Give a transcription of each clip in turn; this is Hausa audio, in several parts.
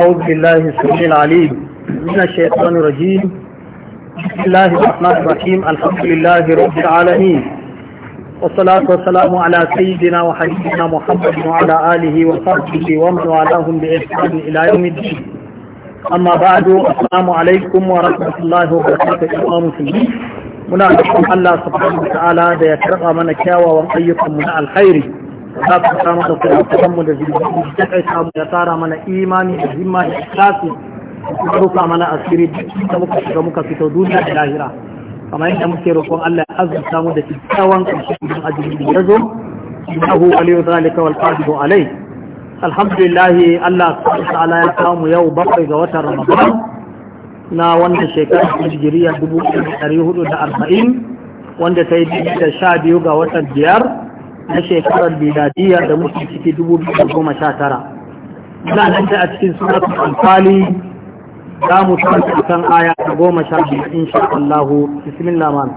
أعوذ بالله السميع العليم من الشيطان الرجيم بسم الله الرحمن الرحيم الحمد لله رب العالمين والصلاة والسلام على سيدنا وحبيبنا محمد وعلى آله وصحبه ومن والاهم بإحسان إلى يوم الدين أما بعد السلام عليكم ورحمة الله وبركاته يا مسلمين muna da Allah subhanahu wa ta'ala da ya karba mana kyawawan ayyukan mu na alkhairi za ka samu da kuɗaɗen mu da zirgin da kai samu ya tara mana imani da zimma da ikhlasi da rufa mana asiri da muka shiga muka fito duniya da lahira kamar yadda muke roƙon Allah ya azurta mu da kyakkyawan ƙarshe idan ajiyar ya zo innahu waliyu zalika wal qadiru alai alhamdulillah Allah subhanahu wa ta'ala ya kawo yau bakwai ga watan Ramadan na wannan shekarar Hijriya 1440 wanda ta yi da sha biyu ga watan biyar na shekarar miladiyar da muke ciki dubu biyu da goma sha tara muna nan da a cikin suratul anfali za mu tashi kan aya ta goma sha biyu insha Allah bismillah ma'am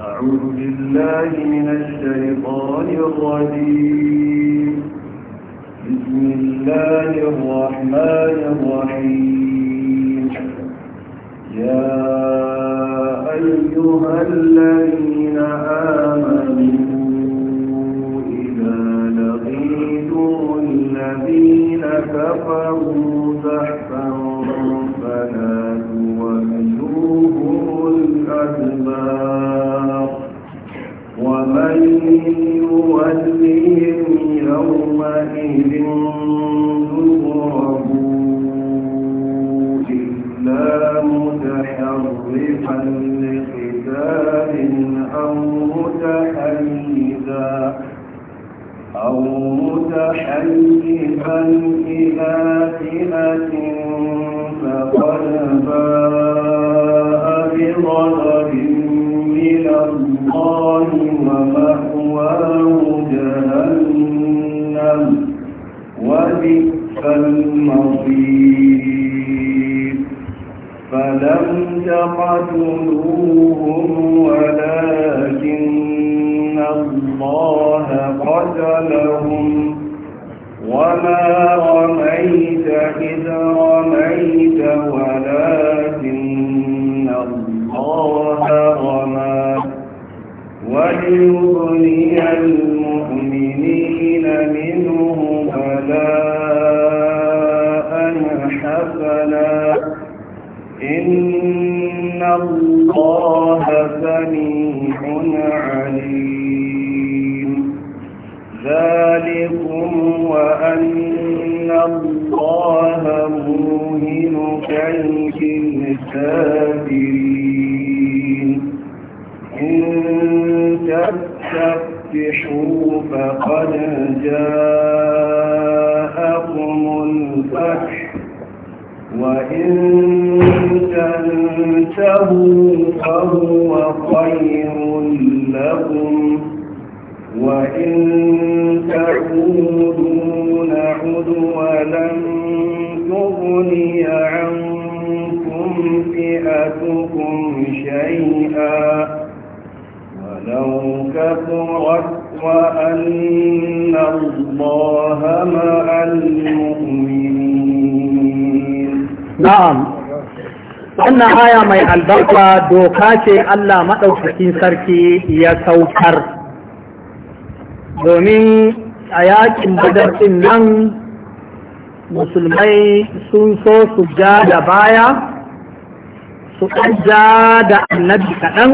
أعوذ بالله من الشيطان الرجيم بسم الله الرحمن الرحيم يا أيها الذين آمنوا ونغيد الذين كفروا زحفا فلا توجوهم الأدبار ومن يولهم يومئذ ذكره إلا متحرفا لقتال أو متحيزا أو متحيفا إلى فئة فقد باء بغضب من الله ومأواه جهنم وبئس المصير فلم تقتلوهم ولكن الله أخرج لهم وما رميت إذ رميت ولكن الله رمى وليغني المؤمنين منه بلاء حسنا إن الله سميع عليم ذلكم وأن الله موهن كيك الكافرين إن تستفتحوا فقد جاءكم الفتح وإن تنتهوا فهو خير لكم وإن تعودوا نعد ولن تغني عنكم فئتكم شيئا ولو كثرت وأن الله مع المؤمنين نعم wannan haya mai albarka doka ce Allah maɗaukakin sarki ya saukar domin a yakin badar din nan musulmai sun so su ja da baya su ɗan ja da annabi kaɗan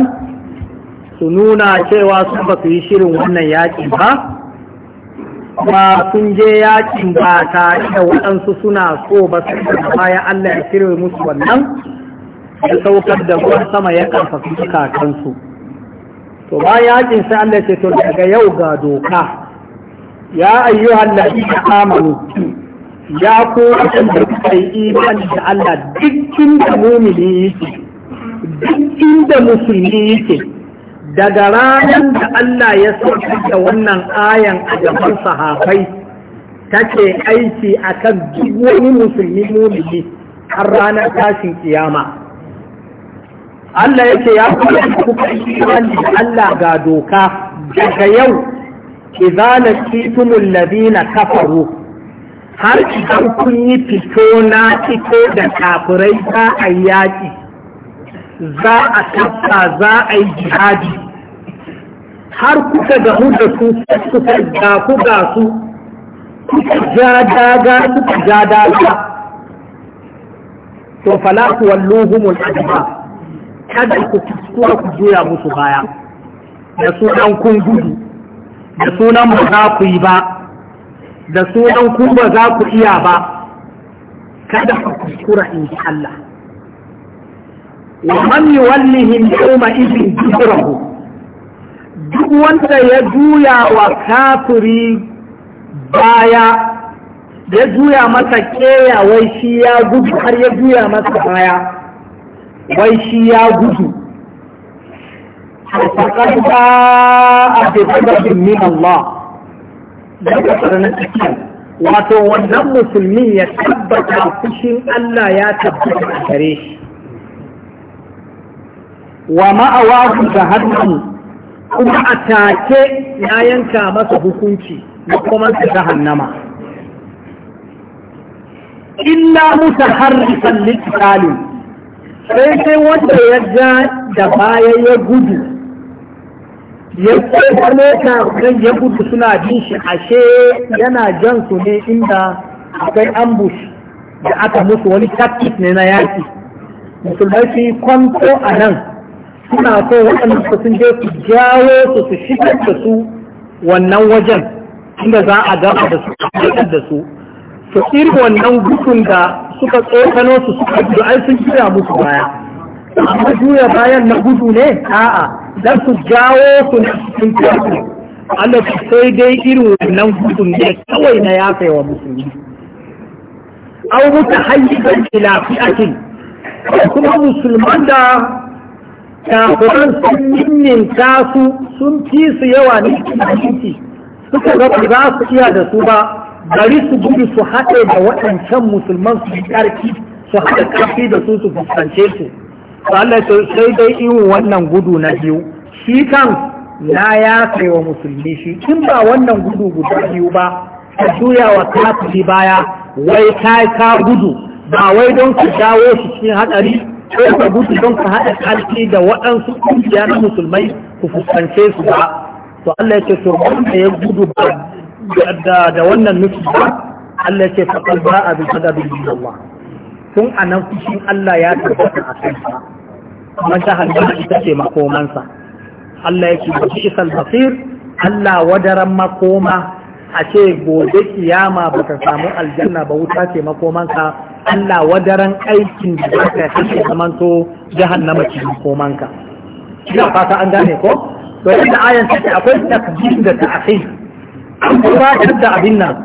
su nuna cewa su ba su yi shirin wannan yakin ba ba sun je yakin ba ta, da waɗansu suna so ba su da baya Allah ya shirin musu wannan ya saukar da ruwan sama ya ƙarfafi kakansu. to ba yakin sai Allah ce to daga yau ga doka ya ayyuhan ladina amanu ya ko da kai imani da Allah dukkin da mumini yake dukkin da musulmi yake daga ranar da Allah ya sauka da wannan ayan a gaban sahabbai take aiki akan duk wani musulmi mumini har ranar tashin kiyama Allah yake ya kuma kuka Allah ga doka daga yau idza laqitumul ladina kafaru har idan kun yi fito na fito da kafirai za a yaƙi za a tafka za a yi jihadi har kuka ga da su suka ga ku ga su kuka ja daga suka ja daga to fala tuwalluhumul kada ku kuwa ku juya musu baya da sunan kun gudu da sunan ba za ku yi ba da sunan kun ba za ku iya ba kada ku kuskura in ji Allah wa man yuwallihim yawma idhin dubrahu duk wanda ya juya wa kafiri baya ya juya masa keya wai shi ya gudu har ya juya masa baya wai shi ya gudu A ba a tebabin min Allah daga tsaranin cikin wato wannan musulmi ya tabbata fushin Allah ya tabbata a gare shi wa su da hannu kuma a take ya yanka masa hukunci na kuma ta hannama illa mutaharrifan littalin sai sai wanda ya ga da baya ya gudu ya tsar mota ya gudu suna jin shi ashe yana jan su ne inda akwai ambush da aka musu wani tactic ne na yaki musulmai su yi kwanto a nan suna so waɗanda su sun je su jawo su su shigar da su wannan wajen inda za a gaba da su da su su irin wannan gudun da suka tsokano su suka gudu ai sun kira musu baya amma juya bayan na gudu ne a'a dan su jawo su na cikin kwaku Allah su sai dai irin wannan gudun ne kawai na yafe wa musulmi au muta hayyiban a fi'atin kuma musulman da kafiran sun ninninka su sun fi su yawa ne cikin suka ga ba za su iya da su ba bari su gudu su haɗe da waɗancan musulman su ƙarfi su haɗa ƙarfi da su su fuskance su Allah sai dai in wannan gudu na biyu shi kan na ya kai wa musulmi shi in ba wannan gudu guda biyu ba ka juya wa kafiri baya wai ka ka gudu ba wai don ku dawo shi cikin haɗari ko ka gudu don ka haɗa ƙarfi da waɗansu ƙungiya na musulmai ku fuskance su ba to Allah ya ce to wanda ya gudu ba da wannan nufi ba Allah ce faƙal ba a bisa da bin Allah tun a nan fushin Allah ya tabbata a sa kuma ta hanyar ita ce makomansa Allah ya ce ba shi isal basir Allah wadaran makoma a ce gobe kiyama ba ta samu aljanna ba wuta ce makomanka Allah wadaran aikin da za ka kashe zamanto jahannama ce makomanka ina fata an gane ko to inda ayan ce akwai takdir da ta'khir an da abin nan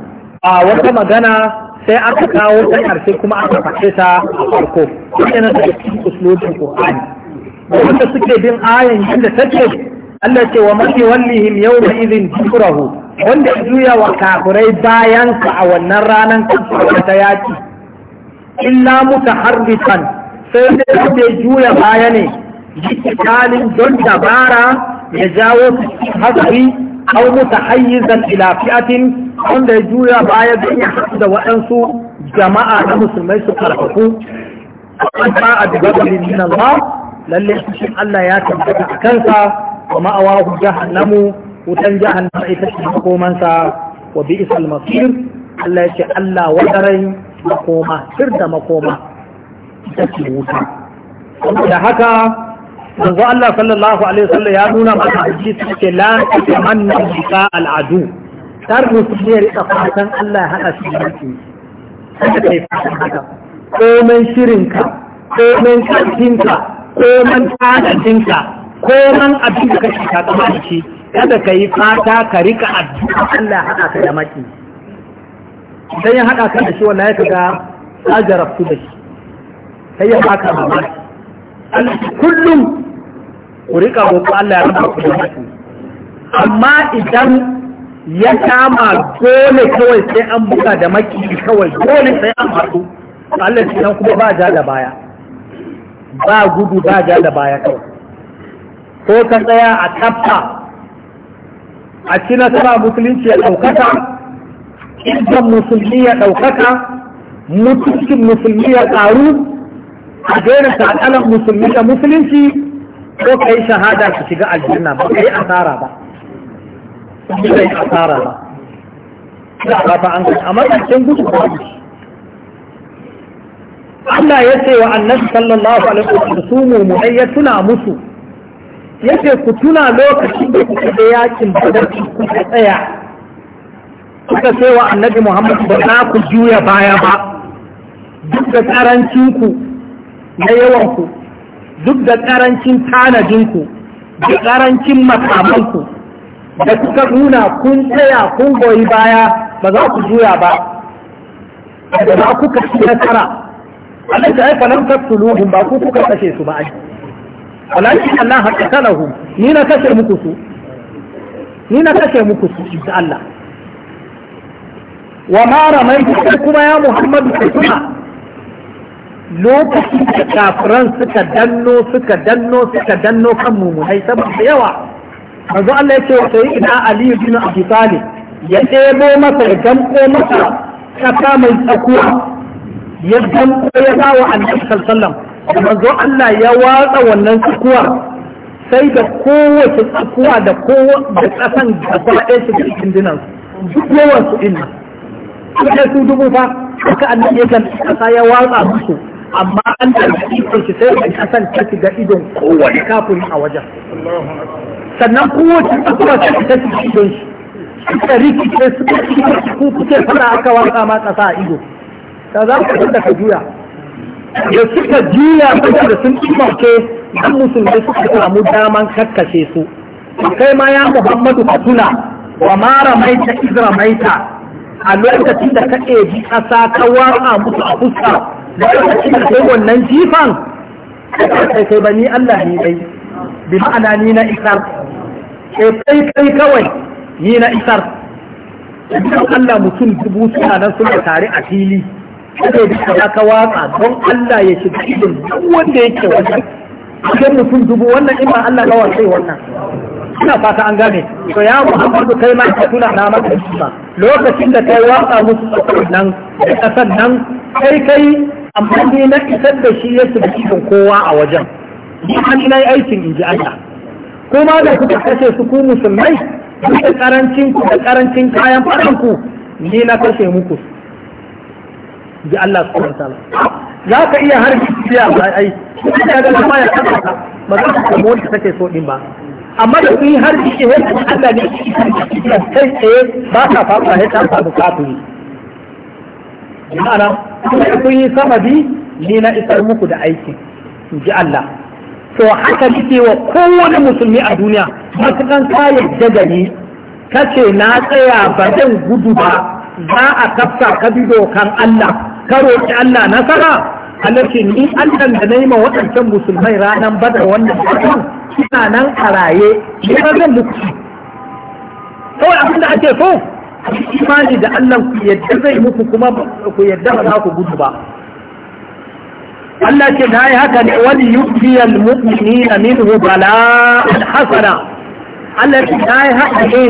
a wata magana sai aka kawo ta karshe kuma aka fashe ta a farko yana da cikin uslubin Qur'ani wanda suke bin ayan yadda take Allah ce wa man yawlihim yawma idhin dhikrahu wanda juya wa kafirai bayan sa a wannan ranan kafirai ta yaki illa mutaharrikan sai da ya juya baya ne kalin don dabara ya jawo su hatsari aw mutahayyizan ila fi'atin wanda ya juya baya da ya da waɗansu jama'a na musulmai su karfafu an ba a dubabali min Allah lalle shi Allah ya tabbata a kansa wa ma'awahu jahannamu wutan jahannama ita ce makomansa wa bi'sal masir Allah ya ce Allah wadarai makoma sir da makoma ita ce wuta da haka manzo Allah sallallahu alaihi wasallam ya nuna mana hadisi ce la tamanna liqa al adu kar musulmi yari rika fatan Allah ya hada shi da shi kada kai fatan haka komai shirinka komai karfinka ka, tsadadinka komai abin da kake ka tsama da shi kada ka yi fata ka rika addu'a Allah ya hada ka da maki idan ya hada ka da shi wallahi kaga ka jarabtu da shi sai ya baka mamaki Allah kullum ku riƙa roƙo Allah ya raba ku da mutu amma idan ya kama dole kawai sai an buga da maki kawai dole sai an haɗu Allah shi nan kuma ba ja da baya ba gudu ba ja da baya kawai ko ka tsaya a tafka a ci nasara musulunci ya ɗaukaka ƙirgin musulmi ya ɗaukaka mutuncin musulmi ya ƙaru Ka daina sa'alan musulmi da musulunci ko ka yi shahada ka shiga aljanna ba ka yi asara ba ka yi asara ba ba ta an a matakin gudu ba Allah ya ce wa annabi sallallahu alaihi wasallam su mu mu ya tuna musu yace ku tuna lokacin da kuka da yakin badar kuka tsaya kuka ce wa annabi Muhammad ba za ku juya baya ba duk da karancin ku na yawanku duk da ƙarancin tanadinku da ƙarancin makamanku da kuka nuna kun tsaya kun goyi baya ba za ku juya ba da ba ku kashi nasara Allah ta aika nan tattuluhun ba ku kuka kashe su ba ai walakin Allah haka kalahu ni na kashe muku su ni na kashe muku su insha Allah wa ma ramaitu kuma ya Muhammadu kuma lokacin da kafiran suka danno suka danno suka danno kan mumunai saboda yawa manzo Allah ya ce wa sai ina Ali bin Abi Talib ya tebo masa ya damƙo masa kasa mai tsakuwa ya damƙo ya ba wa Annabi sallallahu alaihi manzo Allah ya watsa wannan tsakuwa sai da kowace tsakuwa da da kasan gaba ɗaya su cikin dinan duk yawan su inna su dubu fa haka annabi ya kan kasa ya watsa musu amma an tarbi ikon shi sai da kasan ta shiga idon kowane kafin a wajen sannan kowace kasuwa ta shiga idon shi suka rikice suka rikice ku kuke fara aka wanka ma kasa a ido ta za ku da ka juya da suka juya da sun ɗimauke dan musulmi suka samu daman kakkashe su kai ma ya muhammadu ka tuna wa mara maita izra maita a lokacin da ka ɗebi ƙasa ka wara musu a fuska da aka ci kai wannan jifan kai kai ba ni Allah ni dai bi ma'ana ni na isar kai kai kai kawai ni na isar idan Allah mutum dubu suna nan suna tare a fili sai da ka ka watsa don Allah ya shiga idin wanda yake wannan idan mutum dubu wannan in ba Allah ga wa sai wannan ina fata an gane to ya muhammadu kai ma ka tuna na maka ba lokacin da kai watsa musu nan da kasan nan kai kai ni na isar da shi ya shiga cikin kowa a wajen ni an na yi aikin in ji Allah kuma da kuka kashe su ku musulmai da karancin da karancin kayan ku ni na kashe muku ji Allah subhanahu wa ta'ala za ka iya harbi biya ba ai kuma da ga kuma ya ba za ka samu wanda take so din ba amma da kun yi har jiki ne Allah ne kai tsaye ba ka ya tafa da kafin yi. ma'ana kuma kun yi bi ne na isar muku da aiki, in ji Allah to haka nake wa kowane musulmi a duniya masu ɗan yarda da ni kace na tsaya ba zan gudu ba za a kafsa ka bi dokan Allah ka roƙi Allah nasara Allah ce ni Allah da na yi ma waɗancan musulmai ranar badar wannan ƙarfin suna nan a raye ne ba zan muku kawai abin da ake so imani da Allah ku yadda zai muku kuma ku yadda ba za ku gudu ba Allah ce na yi haka ne wani yukiyar mu'mini na minhu bala hasana Allah ce na yi haka ne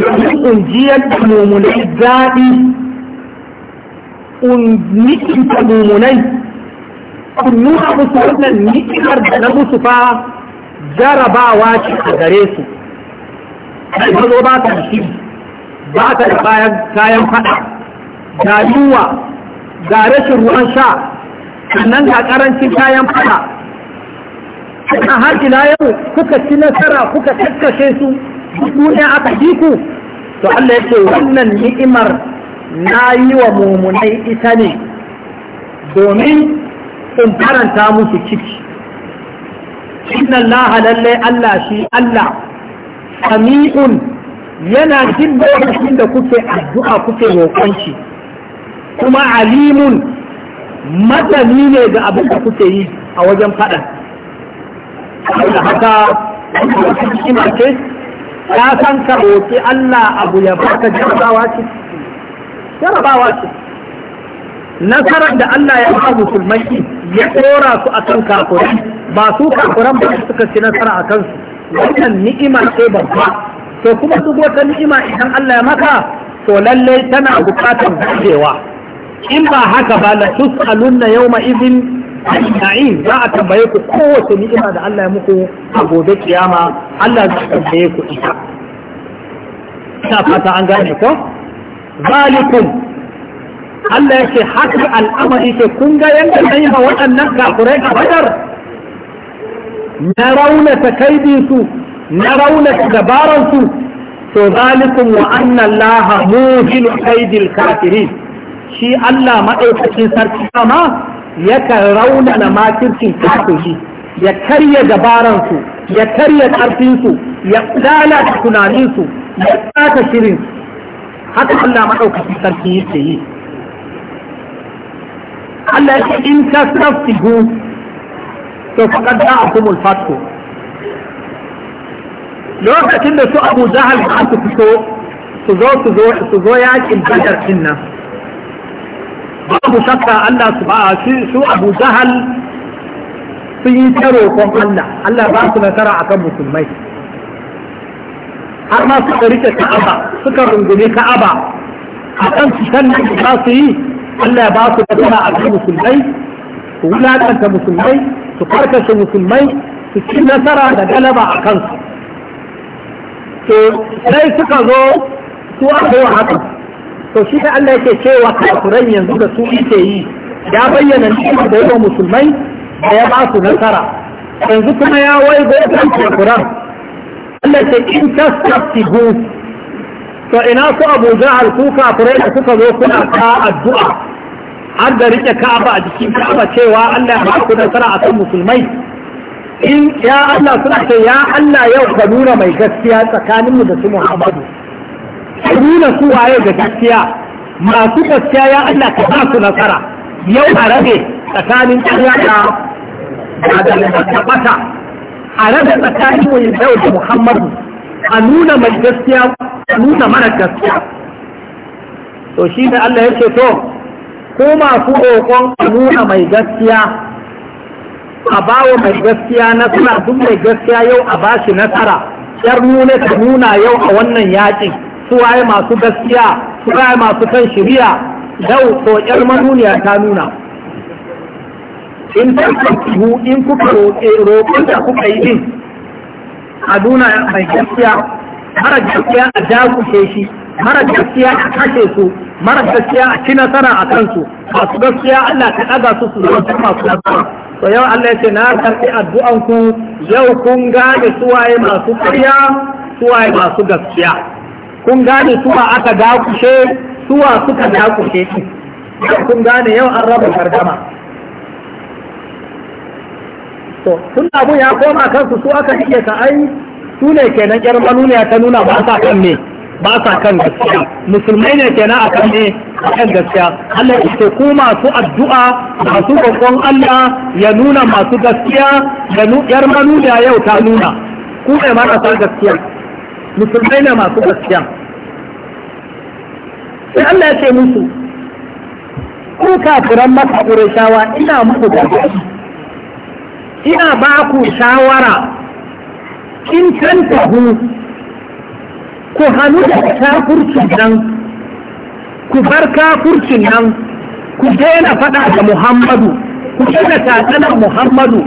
domin ƙungiyar mummunai zaɓi ƙungiyar mummunai kun nuna musu wannan ni'imar da na musu fa jarabawa ce a gare su yi mazo ba ta shi ba ta da bayan kayan fada ga ga rashin ruwan sha sannan ga karancin kayan fada a har ila yau kuka ci nasara kuka takkashe su ne aka ji ku to Allah yake wannan ni'imar na yi wa mumunai ita ne domin in karanta musu ciki inna Allah lallai allah shi allah sami'un yana jin lokacin da kuke addu'a kuke roƙonci kuma alimun matani ne ga abin da kuke yi a wajen faɗa da haka ina ce ya san ka allah abu ya baka jarabawa ce jarabawa ce nasarar da Allah ya ba musulmai ya tsora su akan kafirai ba su kafiran ba suka ci nasara a kansu wannan ni'ima ce babba to kuma duk wata ni'ima idan Allah ya maka to lallai tana bukatar gujewa in ba haka ba la tus'alunna yawma idhin ajma'in za a tambaye ku kowace ni'ima da Allah ya muku a gobe kiyama Allah zai tambaye ku ita ina fata an gane ko zalikum Allah ya ce haka al'amari ce kun ga yadda na yi waɗannan kafurai a badar na raunata kaidinsu na raunata dabaransu to zalikum wa anna Allah muhinu kaidil kafirin shi Allah maɗaukacin sarki ma yakan raunana makircin kafiri ya karya dabaransu ya karya ƙarfinsu ya lalata tunaninsu ya tsaka shirin haka Allah maɗaukacin sarki yake yi Allah ya ce in tastaftihu to faqad ja'akumul fathu lokacin da su Abu Jahal aka fito su zo su zo su zo yakin Badar din nan babu shakka Allah subhanahu su Abu Jahal sun yi taro kon Allah Allah ba su nasara akan musulmai har ma suka rike Ka'aba suka rungume Ka'aba kan su kan da za su yi Allah ba su nasara a kan musulmai su wulaƙanta musulmai su karkashe musulmai su ci nasara da galaba a kansu to sai suka zo su aka yi haka to shi da Allah yake cewa kafiran yanzu da su yake yi ya bayyana ni'imar da yawa musulmai da ya ba su nasara yanzu kuma ya wai ga yakan kafiran Allah ke in tasabtihu to ina su Abu Jahal ku kafirai da suka zo kuna ta addu'a har da rike ka'aba a jikin ka'aba cewa Allah ya ba ku nasara a kan musulmai in ya Allah suna ce ya Allah yau ka nuna mai gaskiya tsakaninmu da su Muhammadu ka nuna su waye ga gaskiya masu gaskiya ya Allah ka ba su nasara yau a rage tsakanin ƙarya da tabbata a rabe tsakaninmu yau da Muhammadu a nuna mai gaskiya a nuna mara gaskiya to shi ne Allah ya ce to ko masu roƙon a nuna mai gaskiya a ba wa mai gaskiya nasara duk mai gaskiya yau a ba shi nasara yar nuna ta nuna yau a wannan yaƙin su waye masu gaskiya su waye masu kan shiriya yau ko yar manuniya ta nuna in ta in kuka roƙon da kuka yi din a nuna mai gaskiya Har gaskiya a dakushe shi mara gaskiya a kashe su mara gaskiya a ci nasara a kansu masu gaskiya Allah ta ɗaga su su zama masu gaskiya. to yau Allah ya ce na karɓi addu'an ku yau kun gane suwaye masu ƙarya suwaye masu gaskiya kun gane suwa aka dakushe suwa suka dakushe kun gane yau an raba gardama to tun abu ya koma kansu su aka rike ka ai su ne kenan yar ya ta nuna ba sa kan me ba sa kan gaskiya musulmai ne kenan a kan ne kan gaskiya Allah ya ce ku masu addu'a masu roƙon Allah ya nuna masu gaskiya da yar manuda yau ta nuna ku ne marasa gaskiya musulmai ne masu gaskiya sai Allah ya ce musu ku kafiran maka shawa ina muku gargaɗi ina ba ku shawara in tantahu ku hannu da kafurcin nan ku bar kafurcin nan ku daina faɗa da muhammadu ku daina tatsanar muhammadu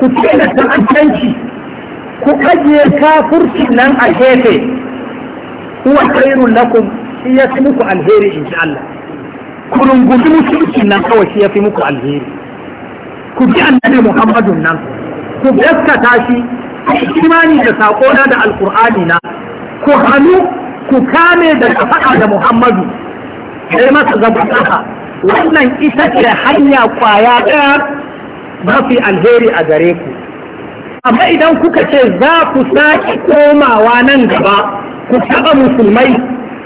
ku daina ta'addanci ku ajiye kafurcin nan a gefe huwa khairun lakum shi ya fi muku alheri insha Allah ku rungumi mutuncin nan kawai shi ya fi muku alheri ku ji annabi muhammadun nan ku gaskata shi ku imani da saƙona da Alkur'ani na ku hannu ku kame da faɗa da Muhammadu sai masa zaɓa ƙasa wannan ita ce hanya kwaya ɗaya mafi alheri a gare ku amma idan kuka ce za ku sake komawa nan gaba ku taɓa musulmai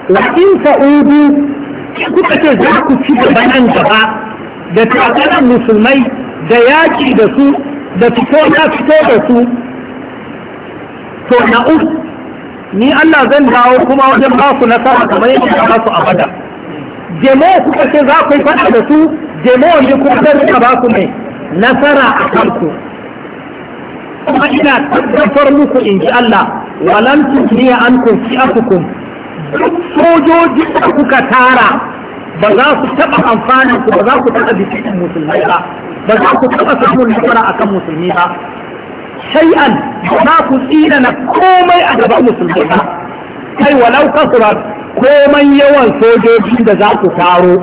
wa in fa'udu kuka ce za ku ci gaba nan gaba da takarar musulmai da yaƙi da su da fito na fito da su to na'ud ni Allah zan dawo kuma wajen ba ku nasara kamar yadda ba su abada jemo kuka ce za ku yi faɗa da su jemo ne kuma zan rika ba ku mai nasara a ku. kuma ina tabbatar muku in ji Allah walan tuniya an kun fi akukum duk sojoji da kuka tara ba za su taɓa amfanin ku ba za ku taɓa bikin musulmai ba ba za ku taɓa samun nasara akan musulmi ba shay'an ba ku tsina na komai a gaban musulmai ba kai walau kasurat komai yawan sojoji da za ku taro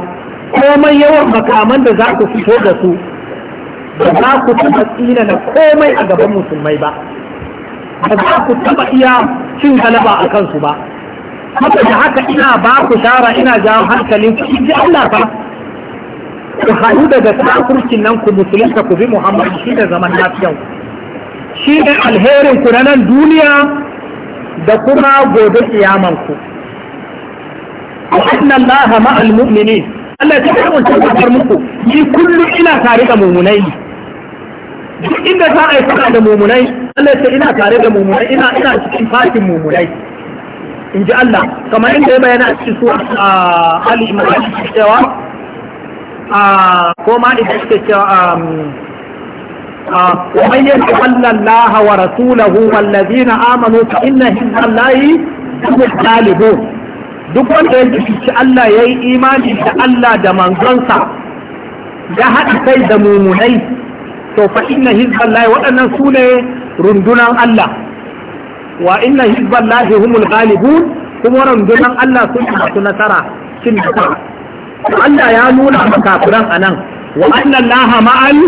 komai yawan makaman da za ku fito da su ba za ku taɓa tsina na komai a gaban musulmai ba ba za ku taɓa iya cin galaba a kansu ba haka da haka ina ba ku shara ina jawo hankalin ku in ji Allah fa ku haɗu daga takurkin nan ku musulunta ku bi Muhammad shi da zaman lafiyan shi ne alherinku na nan duniya da kuma gobe kiyaman ku Allah allaha ma'al mu'minin Allah ya tabbata mun tabbatar muku ni kullum ina tare da mumunai duk inda za a yi faɗa da mumunai Allah ya ina tare da mumunai ina ina cikin fatin mumunai in ji Allah kamar inda ya bayyana a cikin su a Ali Imran cewa ko ma idan suke cewa ومن يتول الله ورسوله والذين آمنوا فإن حزب الله هم الغالبون duk wanda ya jifici Allah ya yi imani da Allah da manzonsa ya haɗa kai da mumunai to fa inna hizballahi waɗannan su ne rundunan Allah wa inna hizballahi humul ghalibun kuma rundunan Allah sun yi masu nasara cin nasara Allah ya nuna makafiran anan wa anna Allah ma'al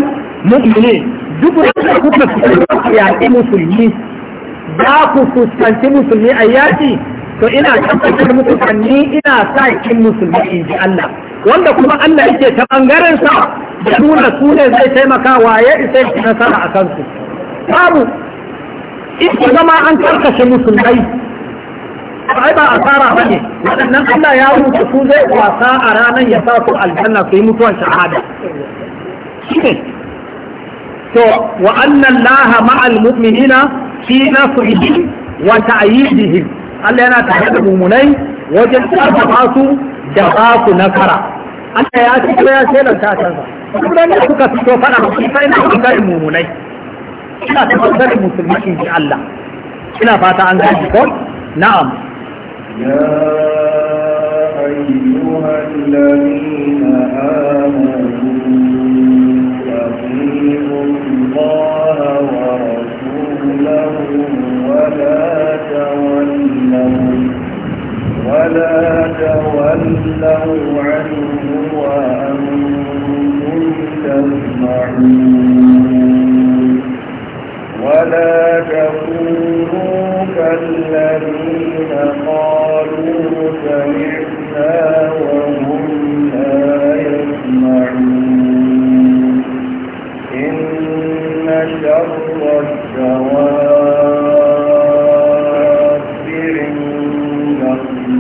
mu'minin duk wanda kuka yaƙi musulmi za ku fuskanci musulmi a yaƙi to ina tabbatar muku sanni ina sa kin musulmi in ji Allah wanda kuma Allah yake ta bangaren sa da nuna su ne zai taimaka waye ya isa nasara a kansu babu in zama an karkashe musulmai ai ba asara ba ne waɗannan Allah ya rubuta su zai wasa a ranar ya sa su aljanna su yi mutuwar shahada shi ne to wa annan laha ma'al mu'minina fi nasrihim wa ta'yidihim Allah yana tare da mumunai wajen karfafa su da ba su nasara Allah ya ci ya shelar ta kansa kuma ne suka fito fada shi fa ina bangaren mumunai ina ta bangaren musulmi in ji Allah ina fata an gaji ko na'am ولا تولوا ولا تولوا عنه وأنتم تسمعون ولا تقولوا كالذين قالوا سمعنا وهم لا يسمعون إن شر الدواب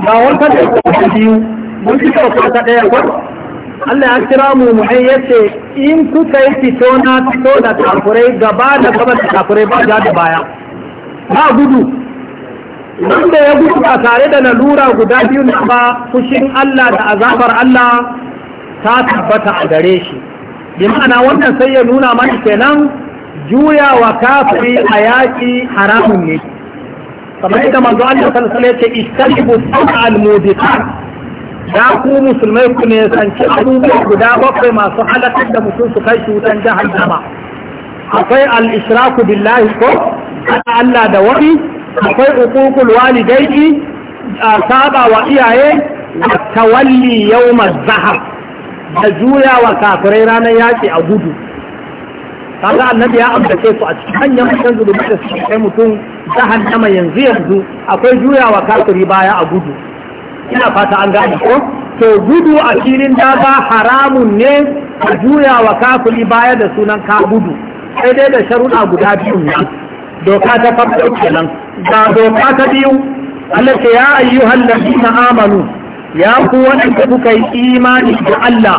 ba warkar da ita biyu mun fi kyauta ta ɗaya Allah ya kira mu mu ya in kuka yi fito na fito da takurai gaba da gaba da ba ja da baya ba gudu wanda ya gudu a tare da lura guda biyu na ba fushin Allah da azabar Allah ta tabbata a gare shi bi ma'ana wannan sai ya nuna mana kenan juya wa kafiri a yaƙi haramun ne kamar yadda manzo Allah sallallahu alaihi wasallam yace istashbu sab'al mudiqat ku musulmai ku ne sanci abubuwa guda bakwai masu halakar da mutum su kai shi wutan jahannama akwai al-ishraku billahi ko Allah da wani akwai uququl walidayki a saba wa iyaye wa tawalli yawmaz zahab da juya wa kafirai ranar yaki a gudu kaga annabi ya ambace su a cikin hanyar mutan zulumi da suke kai mutum jahannama yanzu yanzu akwai juyawa kafiri baya a gudu ina fata an gane ko to gudu a filin daga haramun ne a juyawa kafiri baya da sunan ka gudu sai dai da sharuɗa guda biyu ne doka ta farko kenan ga doka ta biyu Allah ce ya ayyuhal ladina amanu ya ku wanda kuka yi imani da Allah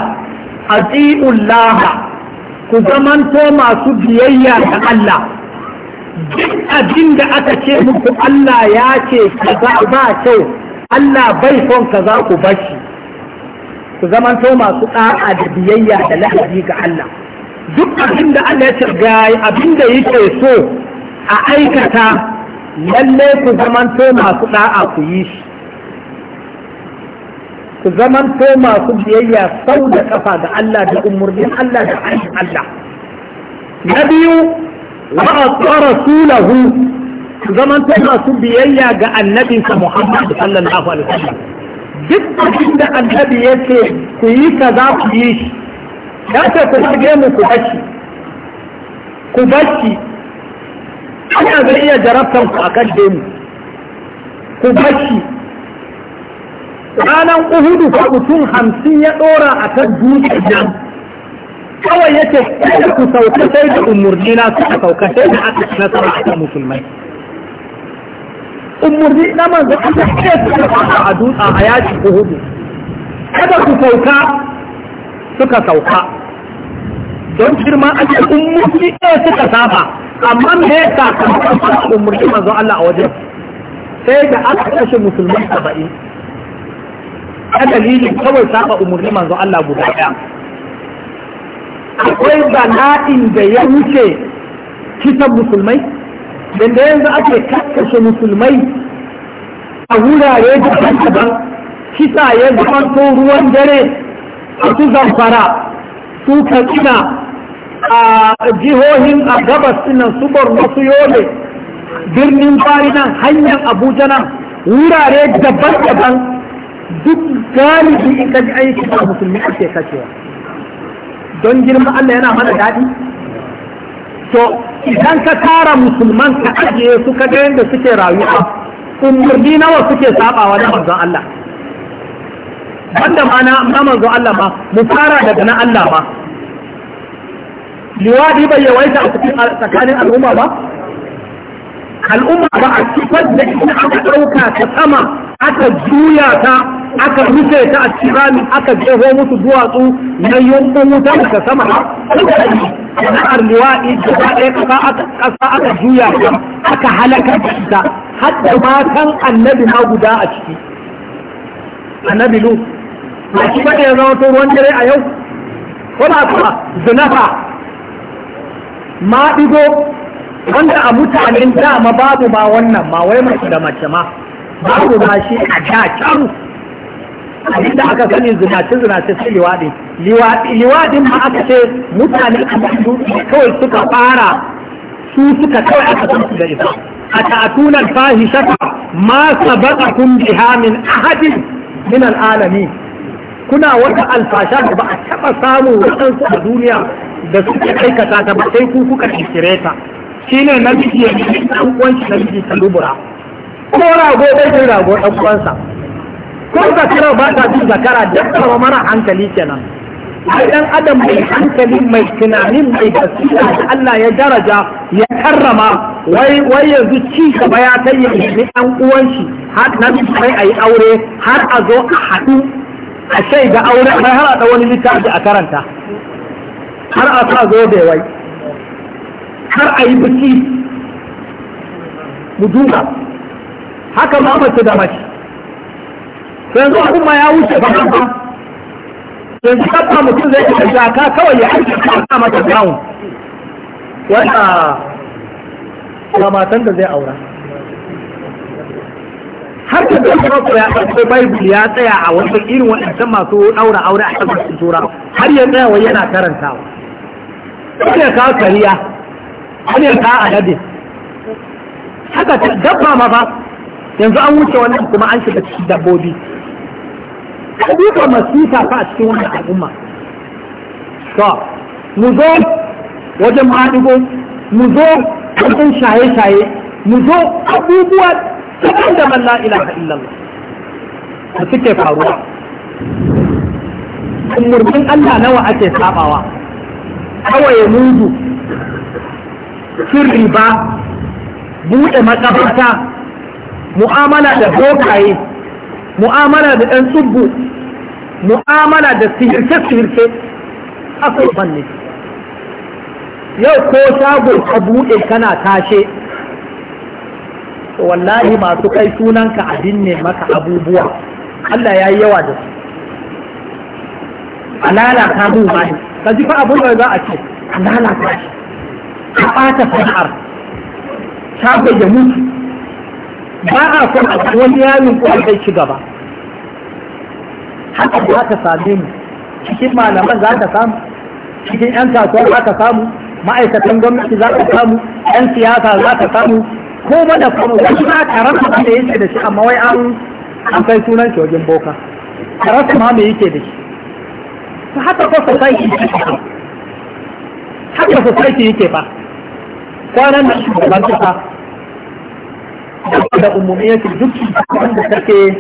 atiullaha ku zamanto masu biyayya ga Allah duk abin da aka ce muku Allah ya ce kaza ba kyau Allah bai son kaza ku bashi ku zamanto masu ɗa'a da biyayya da lahadi ga Allah duk abin da Allah ya ce ga abin da yake so a aikata lalle ku zamanto masu ɗa'a ku yi shi su zaman to masu biyayya sau da kafa ga Allah da umarnin Allah da ainihin Allah na biyu wa a rasulahu su zaman to masu biyayya ga annabinsa Muhammad sallallahu alaihi wasallam duk abin da annabi ya yake ku yi kaza ku yi shi ya ce ku shige mu ku bashi ku bashi ana zai iya jarabtan ku akan demu ku bashi ranar uhudu fa mutum hamsin ya ɗora a kan dutsen nan kawai yake kada ku sauka sai da umarni na suka sauka sai da aka ci nasara a kan musulmai umarni na manzo da sai suka sauka a dutsa a yaki uhudu kada ku sauka suka sauka don girma a cikin umarni ɗaya suka saba amma me ya sa kan umarni manzo Allah a wajen sai da aka kashe musulmai saba'in ta dalilin kawai saba umarni manzo Allah guda ɗaya akwai bala'in da ya wuce kisan musulmai da yanzu ake kakkashe musulmai a wurare daban-daban kisa ya zamanto ruwan dare a su zamfara su katsina a jihohin a gabas nan su borno su yole birnin bari nan hanyar abuja nan wurare daban-daban duk galibi in kaji an yi kisa musulmi ake kashewa don girma Allah yana mana daɗi to idan ka tara musulman ka ajiye su ka ga yadda suke rayuwa umarni nawa suke sabawa na manzon Allah wanda ma na manzon Allah ma mu fara daga na Allah ma liwadi bai yawaita a cikin tsakanin al'umma ba al'umma ba a cikin da ita aka ɗauka ta sama aka juya ta aka rufe ta a cikin aka jeho musu duwatsu na yankun wuta daga sama na arliwaɗi da ɗaya ƙasa aka juya ta aka halakar da ita har matan annabi ma guda a ciki annabi lu a shi kaɗai ya zama ruwan dare a yau ko ba kuma zinafa ma ɗigo wanda a mutanen dama babu ma wannan ma wai masu da mace ma babu ma shi a da can abin da aka sani zinace zinace sai liwaɗi liwaɗin ma aka ce mutane a kawai suka fara su suka kawai aka san su da ita a ta'atunan fahishata ma sabaqakum biha min ahadin min al'alami kuna wata alfasha da ba a taɓa samu waɗansu a duniya da suke aikata ta ba sai ku kuka kirkire ta shine namiji ya yi ɗan uwanci namiji ta Lubura. ko rago bai jin rago ɗan uwansa ko zakara ba ta jin zakara dabba mana hankali kenan ai adam mai hankali mai tunanin mai basira da Allah ya daraja ya karrama wai wai yanzu ci gaba ya kai ya yi dan uwan shi har nan sai ayi aure har a zo a haɗu a shaida aure har har a da wani littafi a karanta har a sa zo da wai har a yi biki mu duba haka ma mace da mace yanzu kuma ya wuce ba ba yanzu kafa mutum zai ta ka kawai ya aiki ka mata gawun wanda ga matan da zai aura har ka zai kuma ya ɗauko baibul ya tsaya a wasu irin waɗancan masu ɗaura aure a su tura har ya tsaya wai yana karantawa wani kawo kariya wani kawo alade haka dabba ma ba yanzu an wuce wannan kuma an shiga cikin dabbobi ka masu yi fa a cikin wannan al'umma to mu zo wajen maɗigo mu zo wajen shaye-shaye mu zo abubuwa cikin da man la ilaha illallah da suke faruwa umurnin Allah nawa ake sabawa kawai nudu cin riba buɗe makabarta mu'amala da bokaye mu'amala da ɗan tsubbu mu'amala da sihirce-sihirce a ne yau ko shago ka buɗe kana tashe wallahi masu kai sunanka a binne maka abubuwa Allah ya yi yawa da su a lalata mu ma ka ji fa abin da za a ce a lalata shi a ɓata sana'ar shago ya mutu ba a son a wani yamin ko kai shi gaba haka za ka same mu cikin malaman za ka samu cikin yan kasuwa za ka samu ma'aikatan gwamnati za ka samu yan siyasa za ka samu ko da kuma wani za ka rasa da yake da shi amma wai an an kai sunan shi wajen boka ka rasa ma me yake da shi su haka ko society haka society yake ba kwanan da shugaban kasa da umumiyyar dukkan wanda take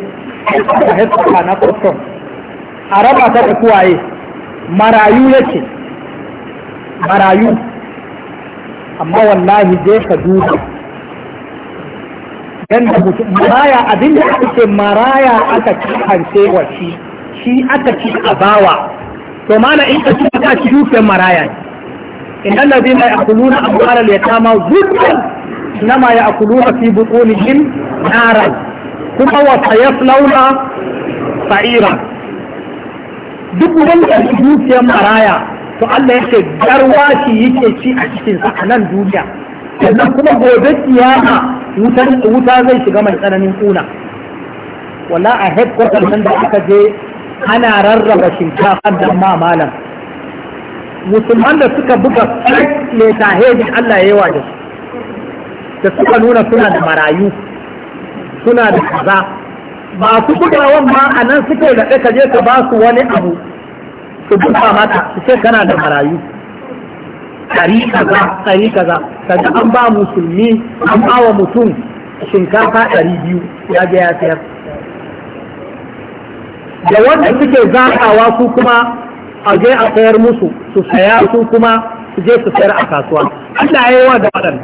da haifuka na kwastom a raba ta da kuwaye marayu yake marayu amma wallahi zai ka duba dan da mutum maraya abin da aka ce maraya aka ci hanse wa shi shi aka ci a bawa to mana in ka ci ka ci dukiyar maraya ne in allazi a yaquluna amwala al-yatama zuwa إنما يأكلون في بطونهم نارا كما وسيصلون سعيرا duk wanda ya dukiyar maraya to Allah yake garwa shi yake ci a cikin sa a nan duniya sannan kuma gobe kiyama wuta zai shiga mai tsananin kuna wala a headquarter nan da aka je ana rarraba shinkafa da ma malam musulman da suka buga plate ne tahedin Allah ya yi wa da da suka nuna suna da marayu suna da kaza masu bugawan ma a nan suke da ka je ka ba su wani abu su buga maka su ce kana da marayu ɗari kaza ɗari kaza kaga an ba musulmi an ba wa mutum shinkafa ɗari biyu ya ga ya sayar da wanda suke zaɓawa su kuma a je a sayar musu su saya su kuma su je su sayar a kasuwa Allah ya yi wa da waɗanda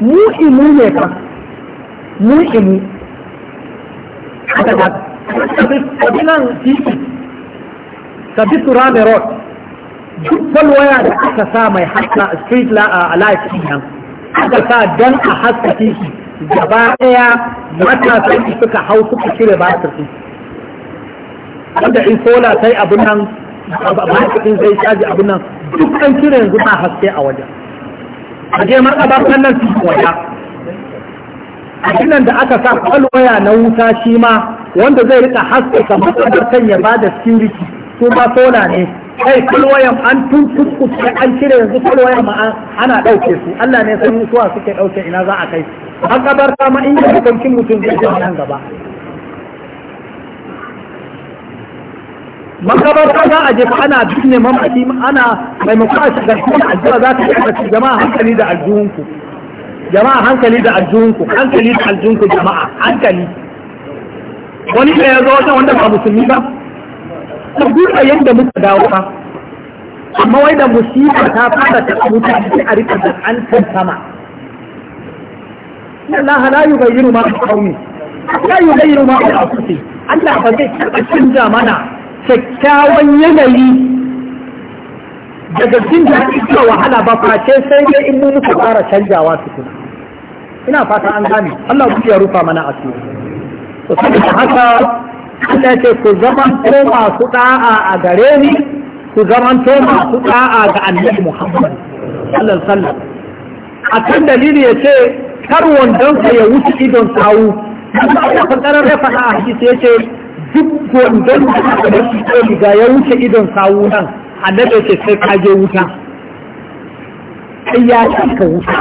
mu imu ne fa mu imu kabilan titi kabi turane road duk waya da aka sa mai haska street light nan aka sa dan a haska titi gaba daya su suka hau suka cire ba su wanda in sola sai abin nan ba su zai caji abin nan duk an cire yanzu ba haske a wajen a je marƙabar sannan su koya a nan da aka sa kwalwaya na wuta shi ma wanda zai rika haske kamar kan ya bada security su ba sola ne kai kwalwayan an tun kuskuce an cire yanzu kwalwayan ma ana ɗauke su Allah ne sun yi suwa suke ɗauke ina za a kai makabarta ma in yi mutum zai nan gaba makabarta za a jefa ana binne mamaki ana maimakon a shigar kuma addu'a za ta yi jama'a hankali da aljihunku jama'a hankali da aljihunku hankali da aljihunku jama'a hankali wani da ya zo wajen wanda ba musulmi ba ta duba yadda muka dawo ba amma wai da musiba ta fara ta mutane sai a rika da an sama Allah la yughayyiru ma bi qaumin la yughayyiru ma bi anfusihim Allah ba zai taɓa canja mana kyakkyawan yanayi daga jin daɗi da wahala ba face sai dai in mun muka fara canjawa tukuna ina fata an gane Allah ku ya rufa mana asiri to saboda haka Allah ce ku zama ko masu da'a a gare ni ku zama to masu da'a ga Annabi Muhammad sallallahu alaihi wasallam akan dalili ce kar wandon sa ya wuce idon sawu Allah ya fara rafa a hadisi ce. duk wandon da aka bashi ko riga ya wuce idon sawu nan annabi ce sai ka je wuta sai ya ci ka wuta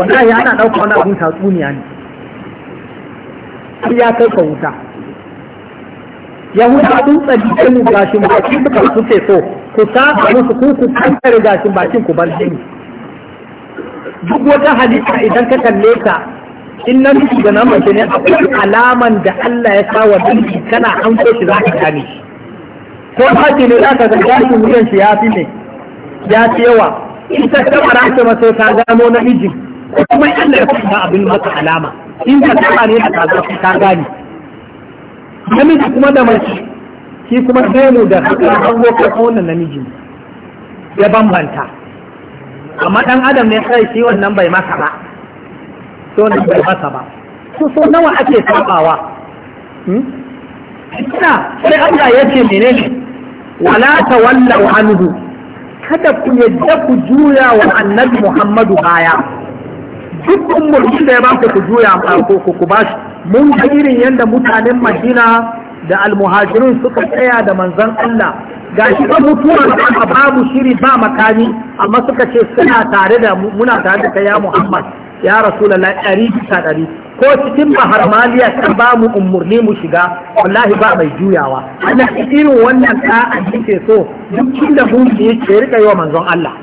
wallahi ana ɗauka wani abun tatsuniya ne sai ya kai ka wuta yahuda sun tsaji mu gashin bakin suka suke so ku saba musu ku ku kankare gashin bakin ku bar jini duk wata halitta idan ka kalle ka in nan su da naman ne akwai alaman da Allah ya sa wa dinki kana hanko shi za ka gane shi ko haji ne za ka ga gashi wuyan shi ya fi ne ya fi yawa in ka taba rashin maso ka gano na miji ko kuma Allah ya sa abin maka alama in ka taba ne da ka ka gane namiji kuma da mace shi kuma sai mu da haka an go ka wannan namiji ya bambanta amma dan adam ne sai shi wannan bai maka ba dole bai masa ba su so nawa ake sabawa hmm? ina sai Allah ya ce menene wala tawallaw anhu kada ku yadda ku juya wa annabi Muhammadu baya duk umarnin da ya ba ku juya ko ku bashi mun ga irin yadda mutanen Madina da almuhajirun suka tsaya da manzon Allah ga shi ba mutuwar babu shiri ba makami amma suka ce suna tare da muna tare da ya Muhammad ya rasulullah ɗari bisa ɗari ko cikin maharmaliya kan ba mu umurni mu shiga wallahi ba mai juyawa ana irin wannan ɗa'an ke so duk inda hunki yake rika yi wa manzon Allah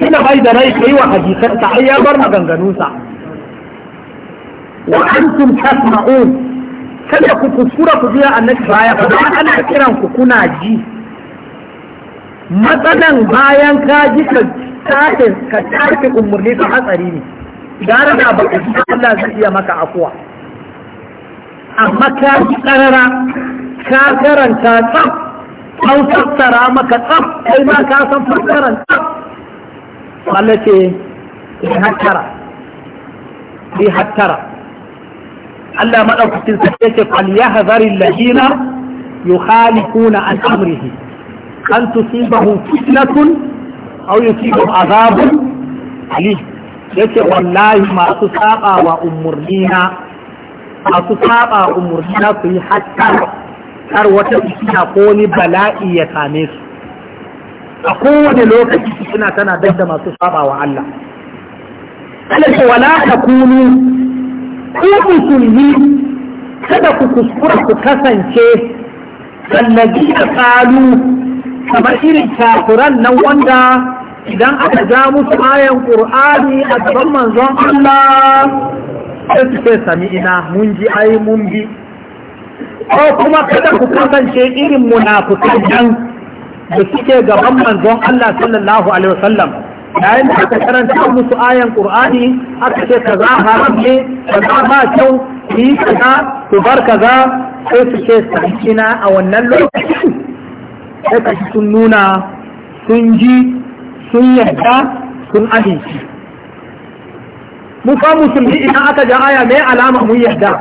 ina bai da rai kai wa hadisansa ai ya bar maganganunsa wa antum tasma'un kada ku kuskura ku biya annabi baya ba ana kiran ku kuna ji matsalan bayan ka ji ka tafi umarni ka hatsari ne gara da baka ji Allah zai iya maka afuwa amma ka ji karara ka karanta tsaf an fassara maka tsaf kai ma ka san fassaran tsaf Allah ce bi hattara bi hattara Allah madaukakin sarki ce fal yahzaril ladina yukhalifuna an amrihi an tusibahu fitnatun aw a azabun ali yace wallahi masu saba wa umurnina masu saba umurnina su yi hatta kar wata fitina ko ni bala'i ya same su a kowane lokaci fitina tana dadda masu saba wa Allah Allah ce wala ku musulmi kada ku kuskura ku kasance allazi qalu kamar irin kafiran nan wanda idan aka ja musu ayan ƙur'ani a gaban manzon Allah sai su ce sami ina mun ji ai mun bi ko kuma kada ku kasance irin munafukan nan da suke gaban manzon Allah sallallahu alaihi wasallam yayin da aka karanta musu ayan Qur'ani aka ce kaza haram ne kaza ba kyau yi kaza ku bar kaza sai su ce sami ina a wannan lokacin sai kashi sun nuna sun ji sun yarda sun amince mu fa musulmi idan aka ja aya mai alama mun yarda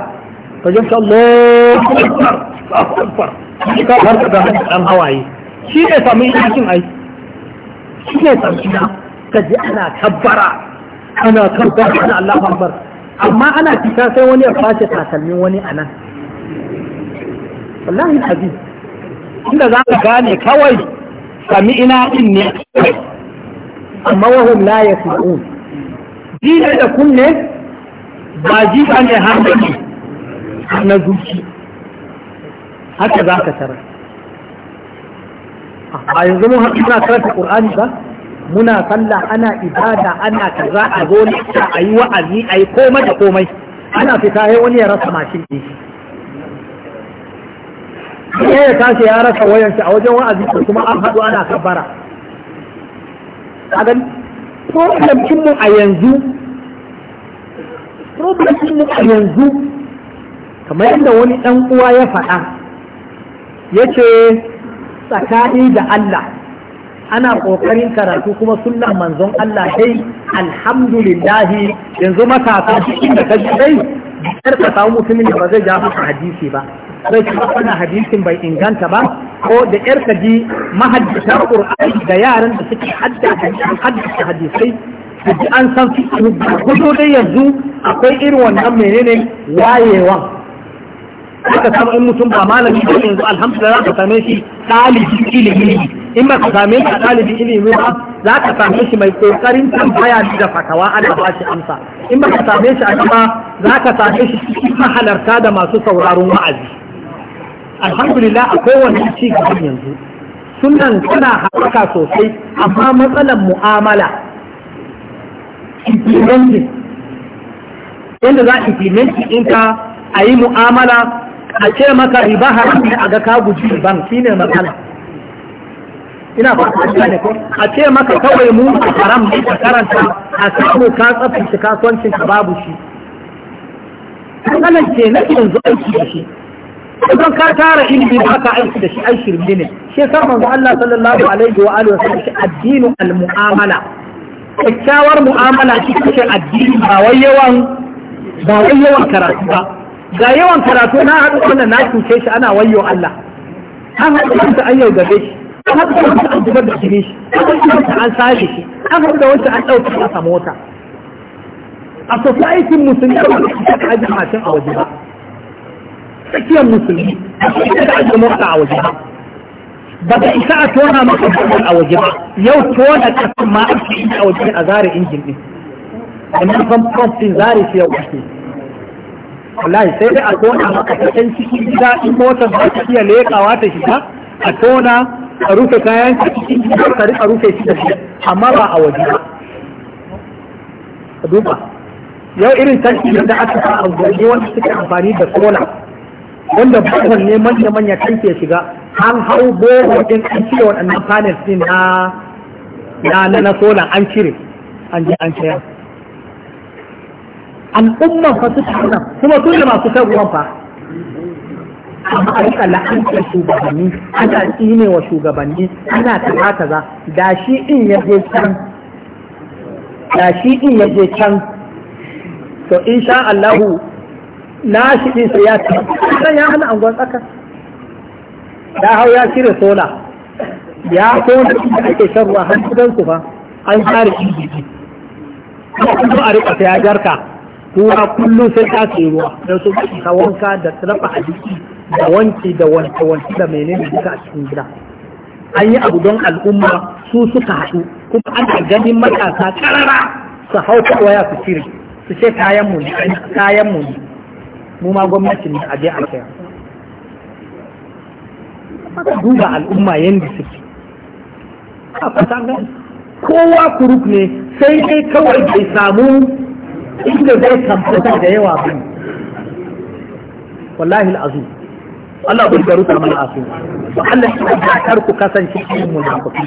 ka ji ta Allahu akbar Allahu akbar ka farka da dan hawaye shi ne samu yakin ai shi ne samu ka ji ana tabbara ana tabbara ana Allahu akbar amma ana fita sai wani ya kwace takalmin wani anan wallahi azim inda za ka gane kawai sami ina din ne amma wahum la ya ji ne da kunne ba ji ba ne har na zuci haka za ka tara a yanzu mun haɗu muna karanta ƙur'ani ba muna sallah ana ibada ana kaza a zo a yi wa'azi a yi komai da komai ana fita wani ya rasa mashin ɗin sai ya tashi ya rasa wayansa a wajen wa'azi kuma an haɗu ana kabara kaga problem din mu a yanzu problem mu a yanzu kamar inda wani ɗan uwa ya faɗa yace tsakani da Allah ana ƙoƙarin karatu kuma sunan manzon Allah dai alhamdulillahi yanzu matasa cikin da kaji dai ka samu mutumin da ba zai ja hadisi ba zai ci wannan hadisin bai inganta ba ko da ƴar ka ji mahaddata qur'ani da yaran da suke haddace hadisai da ji an san su kudo dai yanzu akwai irin wannan menene wayewa aka samu in mutum ba malami ba yanzu alhamdulillah ka same shi ɗalibin ilimi in ba ka same shi ɗalibin ilimi ba za ka same shi mai ƙoƙarin tambaya da fatawa ana ba shi amsa in ba ka same shi a gaba za ka same shi mahalarta da masu sauraron wa'azi alhamdulillah a kowane ci gaban yanzu sunan tana haɓaka sosai amma matsalar mu'amala implementing yadda za a implementing ka, a yi mu'amala a ce maka riba haram ne a ga ka guji riban shi ne matsala ina ba a ne ko a ce maka kawai mu haram ne a karanta a samu ka tsaftace kasuwancin ka babu shi matsalar ke na yanzu aiki da shi idan ka tara ilimi ba aka aiki da shi ai shirme ne shi yasa manzo Allah sallallahu alaihi wa alihi wasallam shi addinu al-mu'amala kyakkyawar mu'amala shi kace addini ba wai yawan ba wai yawan karatu ba ga yawan karatu na haɗu wannan na cuce shi ana wayo Allah an haɗu wanda an yau gabe shi an haɗu wanda an zubar da jini shi an haɗu wanda an sare shi an haɗu wanda an ɗauke masa mota a society musulmi ba ta aji matan a waje ba تكتير المسلمين انت تعد المقطع وجهة بدا ساعة وانا ما قدرنا الاوجهة يو توانا تكتير ما اشي انت اوجهة ازاري انجل ايه لما نفهم قصدين زاري في اوجهة والله سيدة اتونا ما قدرنا تكتير انجل ايه موتا باتشية ليك اواتش ايه اتونا اروفة كاين تكتير انجل اروفة ايه اما با اوجهة دوبا يو ايرن تنشي لدعاتك الضوئي وانا تكتير انفاني بسولا wanda bakon ne manya-manya tanki ke shiga an hau boho din an cire waɗannan panel din na na na solar an cire an je an sayar al'umman fa su tana kuma su ne masu kan ruwan fa amma a rika la'antar shugabanni ana tsine wa shugabanni ana kaza kaza da shi in ya je can da shi in ya je can to insha Allahu na shi ɗin sai ya ci sai ya hana angon tsaka da hau ya cire sola ya kona da ake shan ruwa har gidan su fa an tsare injiji kuma kuma a rika sai ya jarka ruwa kullum sai ta ce ruwa don su ka wanka da tsarafa a jiki da wanki da wanke wanki da menene duka a cikin gida an yi abu don al'umma su suka haɗu kuma ana ganin matasa ƙarara su hau waya su cire su ce kayan mu ne kayan mu ne mu ma gwamnatin a je a saya aka duba al'umma yadda suke a fata kowa kuruk ne sai dai kawai bai samu inda zai kamfuta da yawa bin wallahi al'azu Allah bai garu ta mana asu ba Allah shi da kar ku kasance cikin munafiki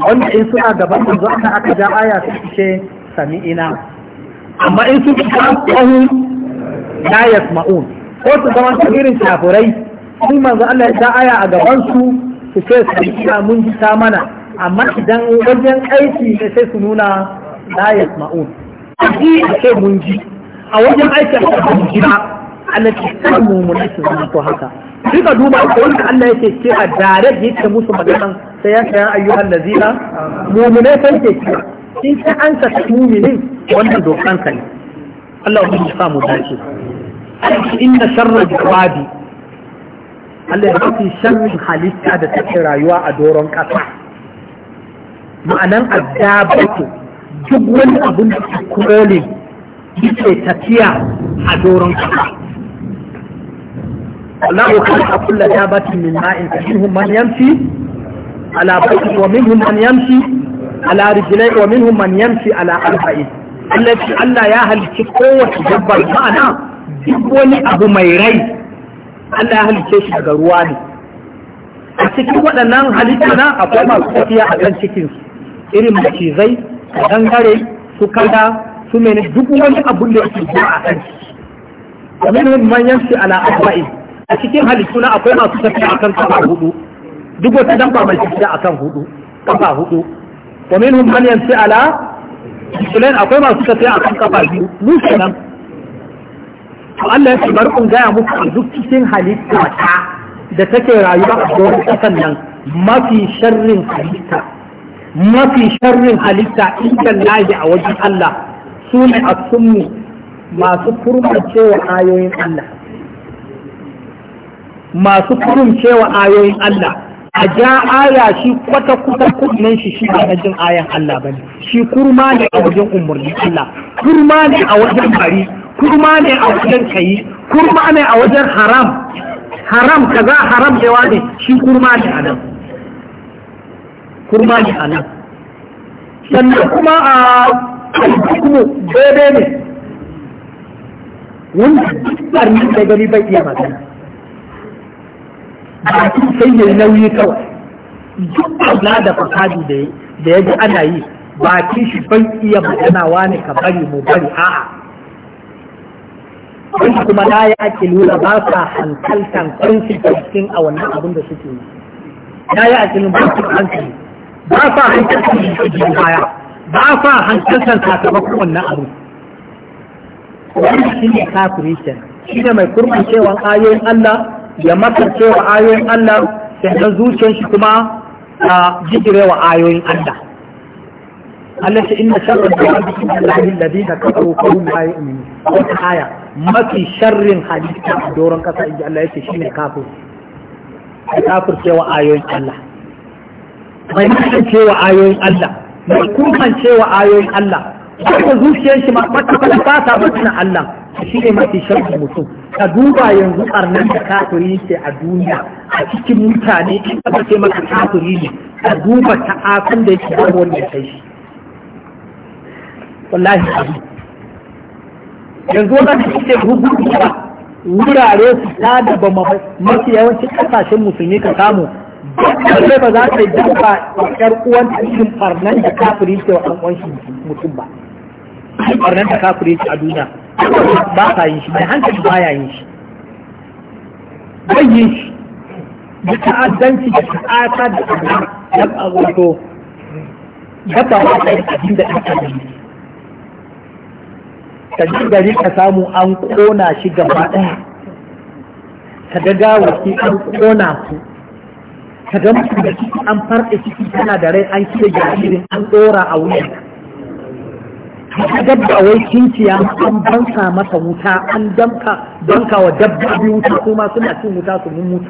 wanda in suna gaban manzo aka aka ja aya ta ce sami'ina amma in su ka tsahu la yasma'un ko su zama su irin shafurai sun manzo Allah ya sa aya a gaban su su ce su sai mun ji ta mana amma idan wajen aiki ne sai su nuna la yasma'un ji a ce mun ji a wajen aiki a kan jira Allah ke kan mu mun su ko haka. haka ka duba ko wanda Allah yake ce a direct yake musu magana sai ya sayan ayyuhan lazina mu'minai sai ke ce in ka ansa mu'minin wannan dokan ka ne Allah ya samu dace inna sharra jawabi Allah ya fi shan halitta da take rayuwa a doron ƙasa ma'anan addabatu duk wani abun da ke kurole yake tafiya a doron ƙasa Allah ya kalla kullu dabatu min ma'in minhum man yamshi ala bayti wa minhum man yamshi ala rijlai wa minhum man yamshi ala arba'in Allah ya halicci kowace dabbar ma'ana duk wani abu mai rai Allah ya halice shi daga ruwa ne a cikin waɗannan halitta na akwai masu tafiya a kan cikin irin macizai da dangare su kada su mene duk wani abu da yake zuwa a kan ciki kamar yin manyan su ala arba'in a cikin halittu na akwai masu tafiya a kan kafa hudu duk wata dabba mai tafiya a kan hudu kafa hudu kamar yin manyan shi ala Sulain akwai masu tafiya a kan kafa biyu, mu nan to Allah ya ce bar kun gaya muku a duk cikin halitta ta da take rayuwa a doron kasan nan mafi sharrin halitta mafi sharrin halitta inda lahi a wajen Allah su ne a sunni masu kurmacewa ayoyin Allah masu kurumcewa ayoyin Allah a ja aya shi kwata kuta kudinan shi shi ba jin ayan Allah ba ne shi kurma ne a wajen umarni Allah kurma ne a wajen bari kurma ne a wajen kayi kurma ne a wajen haram haram kaza haram yawa ne shi kurma ne a nan kurma ne a nan sannan kuma a kuma bebe ne wanda duk da gani bai iya magana a su sai ya nauyi kawai duk kula da fasadi da ya ji ana yi bakin shi ban iya maganawa ne ka bari mu bari a'a Kun kuma na ya ake lura ba sa hankaltan principles cikin a wannan abin da suke yi na ya ake lura ba sa hankali ba ka hankaltan da baya ba sa hankaltan sakamakon wannan abin wani shi ne kafirishin shi ne mai kurmin cewa ayoyin Allah ya makance wa ayoyin Allah sannan zuciyar shi kuma ta jigire wa ayoyin Allah Allah shi inna sharrin da wani cikin Allahin ladina kafaru ko kuma hum ayoyin yu'minu wata haya mafi sharrin halitta a doron kasa inji Allah yake shine kafir kafir cewa ayoyin Allah bai kasance wa ayoyin Allah mai kurkan cewa ayoyin Allah kuma zuciyar shi ma kwata ba ta mutuna Allah shi ne mafi sharri mutum ka duba yanzu karnan da kafiri ke a duniya a cikin mutane in ka ce maka kafiri ne ka duba ta'afin da yake da ne kai shi wallahi abu yanzu wannan da kike ba wurare su tada ba mafi yawancin kasashen musulmi ka samu sai ba za ta yi dabba a ƴar uwan cikin farnan da kafirin ke wa ɗan shi mutum ba duk barnan da shi a duniya ba sa yin shi mai hankali ba ya yin shi bai yi shi da ta'addanci da ta'ata da ya wato gaba ba ta yi abin da ɗan adam ka ji gari ka samu an ƙona shi gaba ɗaya ka ga gawaki an ƙona su ka ga mutum da ciki an farɗe ciki tana da rai an kira jaririn an ɗora a wuyan ta dabba wai kinciya an banka masa wuta an damka banka wa wuta kuma suna cin wuta su mutu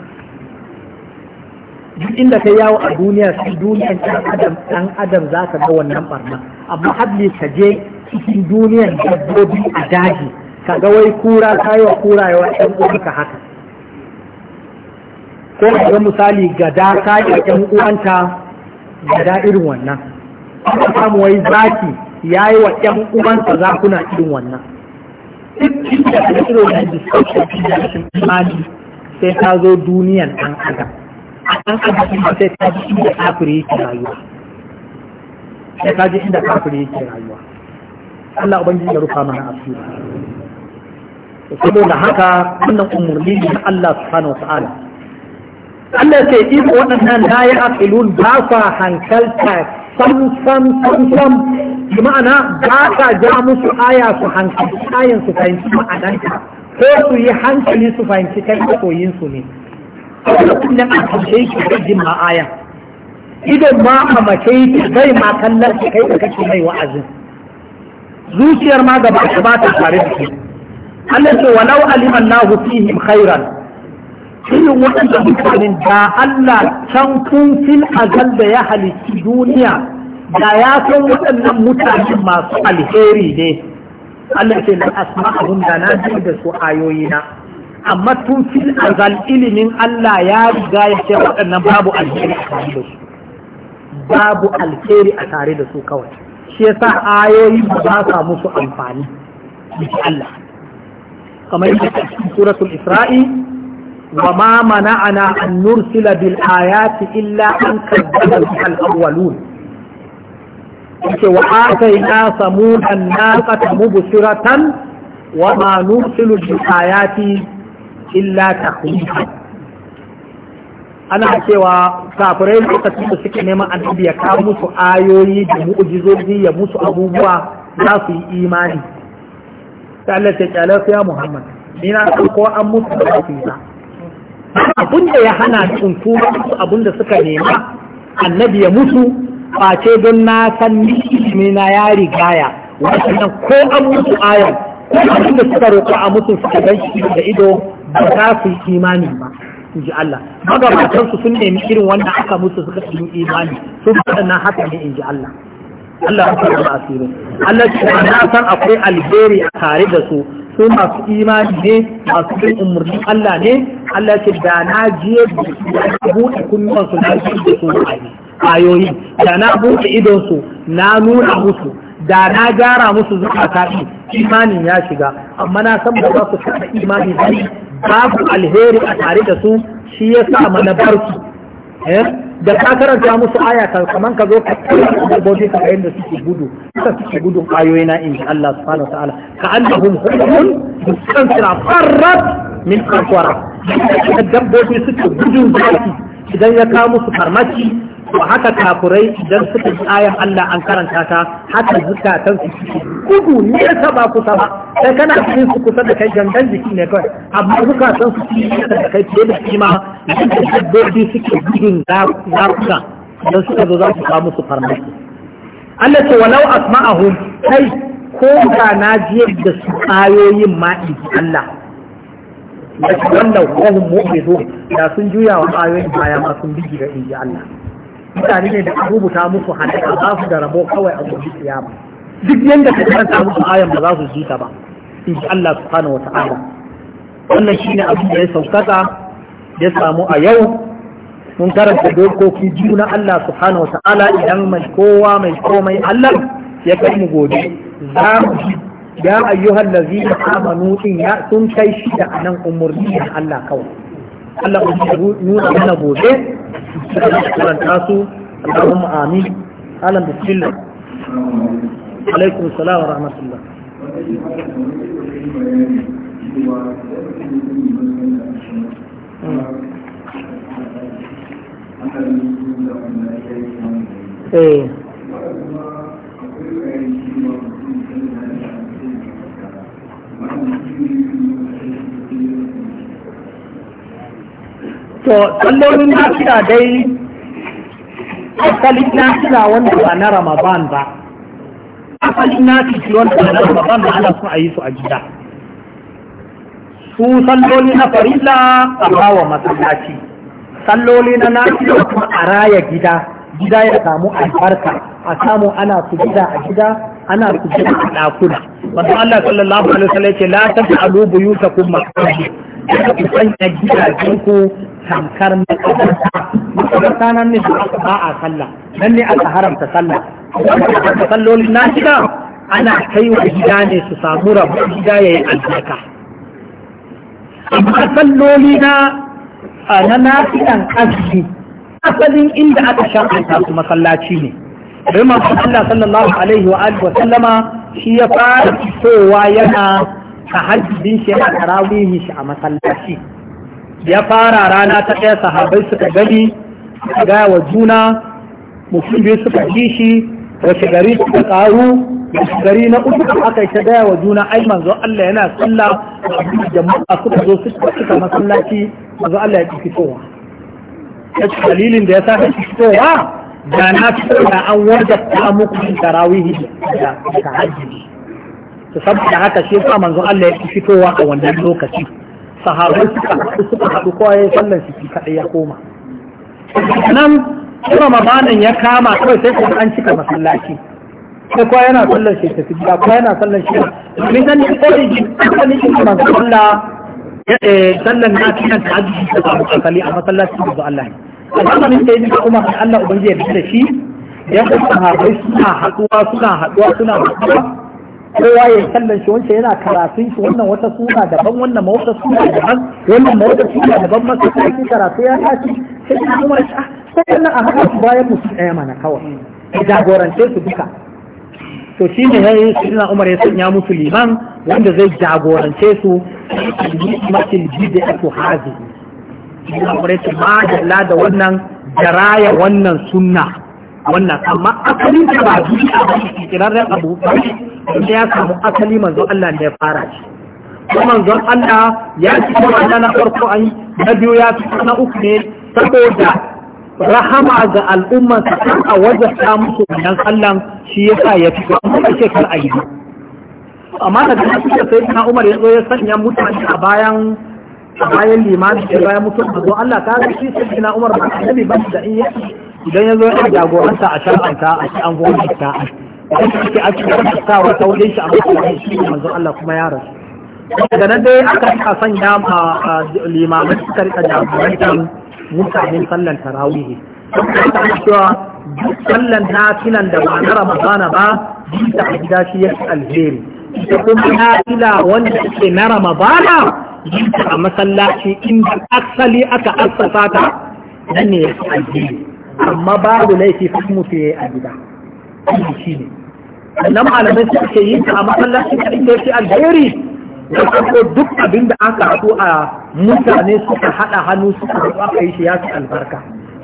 duk inda ka yawo a duniya su duniyan ɗan adam ɗan adam za ka ga wannan barna amma hadli ka je cikin duniyan dabbobi a daji ka ga wai kura ka yi wa kura yawa ɗan uwanka haka ko ka ga misali gada ka yi ɗan uwanta gada irin wannan ka samu wai zaki ya yi wa ‘yan uwansa kuna irin wannan duk inda ka ciro da discussion da rashin imani sai ta zo duniyan ɗan adam a ɗan adam ba sai ta ji inda kafiri yake rayuwa sai ta ji inda kafiri yake rayuwa Allah ubangiji ya rufa mana asiri saboda haka wannan umarni ne na Allah subhanahu wa ta'ala Allah ce in waɗannan layi a aqilun ba sa hankalta sam sam sam sam bi ma'ana ba ka ja musu aya su hankali ayan su fahimci ma'ananta ko su yi hankali su fahimci kai koyin su ne saboda kullum a ce shi bai jin ma idan ma a mace yake bai ma kallon su kai da kake mai wa'azin zuciyar ma gaba ta ba ta tare da shi Allah ce walau aliman lahu fihim khairan irin waɗanda mutanen da Allah can kun fil azal da ya halitti duniya da ya san waɗannan mutane masu alheri ne Allah ce na asma abun da na ji da su ayoyina amma tun fil azal ilimin Allah ya riga ya ce waɗannan babu alheri a tare da su babu alheri a tare da su kawai shi yasa ayoyin ba sa musu amfani da Allah kamar yadda cikin suratul Isra'i wa ma mana'ana an nursila bil ayati illa an kadzdzaba al awwalun yake wa ataina samudan naqata mubsiratan wa ma nursilu ya fi illa takhwifa ana cewa kafirai lokacin da suke neman annabi ya kawo musu ayoyi da mu'jizozi ya musu abubuwa za su yi imani sai Allah ta kyale su ya Muhammad ni na san ko an musu da su yi da ya hana sun tura musu abinda suka nema annabi ya musu face don na san ni na ya rigaya wannan ko an mutu ayon, ko abin da suka roƙa a mutu suka gan shi da ido ba za su yi imani ba in ji Allah magabatan su sun nemi irin wanda aka mutu suka yi imani su faɗa na haka ne in ji Allah Allah ya san asiru Allah ya na san akwai alheri a tare da su su masu imani ne masu bin umarnin Allah ne Allah ya da na jiye da buɗe kunnuwan su na ji da su ayoyi da na buɗe idon su na nuna musu da na gyara musu zuwa kafi imanin ya shiga amma na san ba za su taɓa imani ba babu alheri a tare da su shi ya sa mana barki. Eh? da ka karanta musu aya kaman ka zo ka dabbobi ka yayin da suke gudu suka suke gudun ayoyi na inji Allah subhanahu wa ta'ala ka annahum hulun mustansira farrat min qaswara dabbobi suke gudun zaki idan ya kawo musu farmaki haka kafurai idan suka ji ayan Allah an karanta ta haka zukatan su kudu ne ta ba kusa ba sai kana cikin su kusa da kai gangan jiki ne kawai amma zukatan su cikin da kai fiye da kima yadda dabbobi suke gudun zakuta idan suka zo za su samu su farmaki Allah ce walau asma'ahum kai ko da na ji yadda su ayoyin ji Allah wannan wahum mu'minu da sun juya wa ayoyin baya ma sun gida in inji Allah mutane ne da rubuta musu halaka ba su da rabo kawai a gobe kiyama duk yanda ka karanta musu ayan ba za su ji ta ba in ji Allah subhanahu wata'ala wannan shine abin da ya saukaka ya samu a yau mun karanta dokoki juna Allah subhanahu wata'ala idan mai kowa mai komai Allah ya kai mu gobe za mu ji ya ayyuhal ladzina amanu in ya sun kai shi da anan umurni Allah kawai Allah ku nuna mana gobe karanta su Allahumma amin alam bismillah alaikum salam wa rahmatullah hmm. eh to na nafila dai na nafila wanda ba na ramadan ba asalin nafila wanda ba na ramadan ba ana so a yi su a gida su salloli na farilla a bawa masallaci salloli na nafila kuma a raya gida gida ya samu albarka a samu ana su gida a gida ana su gida a ɗakuna wanda Allah sallallahu alaihi wasallam ce la tafi alubu yusakum kuma ku sanya gidajen ku tamkar makabarta makabarta nan ne da ba a sallah nan ne aka haramta sallah salloli na shiga ana kai wa gida ne su samu rabu gida ya yi albarka amma salloli na na nafilan azumi asalin inda aka shakanta su masallaci ne bai ma Allah sallallahu alaihi wa alihi wa sallama shi ya fara fitowa yana tahajjudin shi yana tarawihin shi a masallaci ya fara rana ta ɗaya sahabai suka gani suka gaya wa juna mutum biyu suka ji shi wace gari suka ƙaru wace gari na uku da aka ta gaya wa juna ai manzo Allah yana tsalla jama'a suka zo suka cika masallaci manzo Allah ya ƙi fitowa ya ci dalilin da ya sa ƙi fitowa da na fitowa an warda ta muku tarawihi da tahajjudi to saboda haka shi ya sa manzo Allah ya ƙi fitowa a wannan lokaci sahabai suka haɗu suka haɗu kowa ya sallar shi kaɗai ya koma nan kuma mamanin ya kama kawai sai kuma an cika masallaci sai kowa yana sallar shi tafi gida kowa yana sallar shi domin zan yi kori ji kuma ni shi man sallar na cikin ta hajji ta ba musakali a masallaci da zuwa Allah ne a zamanin da ya ji kuma Allah ubangiji ya bi da shi ya kuma sahabai suna haɗuwa suna haɗuwa suna haɗuwa kowa ya kallon shi wancan yana karatun shi wannan wata suna daban wannan ma wata suna daban wannan ma wata suna daban masu karatun karatu ya tashi sai shi kuma shi ah, sai nan a haka su bayan musu ɗaya mana kawai ya jagorance su duka to shi ne ya yi ina umar ya sanya musu liman wanda zai jagorance su matil bid'a atu hazi ina umar ya ma da wannan jaraya wannan sunna wannan amma asalin ta ba bid'a ba kirarren abu ba da ya samu asali manzon Allah ne ya fara shi kuma manzon Allah ya ci wanda na farko an na biyu ya ci na uku ne saboda rahama ga al'umman su a wajen ta musu wannan Allah shi ya sa ya fi an kuma ake kar yi amma da cikin da sai na Umar ya zo ya sanya mutane a bayan a bayan limanin da bayan mutum da zo Allah ka ga shi sai na Umar ba annabi ba da in idan ya zo ya jagoranta a shar'anta a ci an gobe ta wanda yake ake karantawa ta wajen shi a matsayin shi ne manzon Allah kuma ya rasu daga nan dai aka rika sanya ma limamai suka rika jagorantar mutanen sallan tarawih ta cewa duk sallan nafilan da ba na ramadana ba duk da a gida shi yake alheri ita kuma na nafila wanda take na ramadana bisa a masallaci inda asali aka assasa ta nan ne fi alheri amma babu laifi kuma mutu ya yi a gida shi ne sannan malamai su ke yi a masallaci a ita shi alheri da farko duk abin da aka haɗu a mutane suka haɗa hannu suka haɗu aka yi shi ya fi albarka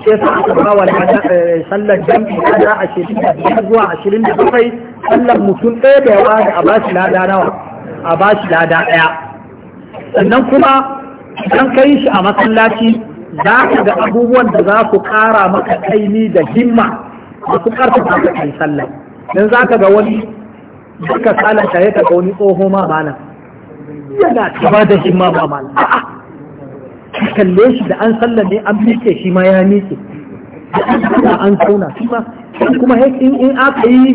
shi yasa aka ba wa eh, sallar jam'i da ashirin da biyar zuwa ashirin da bakwai sallar mutum ɗaya da yawa da a ba shi lada nawa a ba shi lada ɗaya sannan kuma idan ka yi shi a masallaci za ka ga abubuwan da za su ƙara maka kaimi da himma da su ƙarfafa ka kai sallar dan za ka ga wani duka salanta ya kaga wani tsoho ma mana yana kaba da shi ma ba mana a'a kalle shi da an sallame an miƙe shi ma ya mike. da an zauna shi ma kuma in aka yi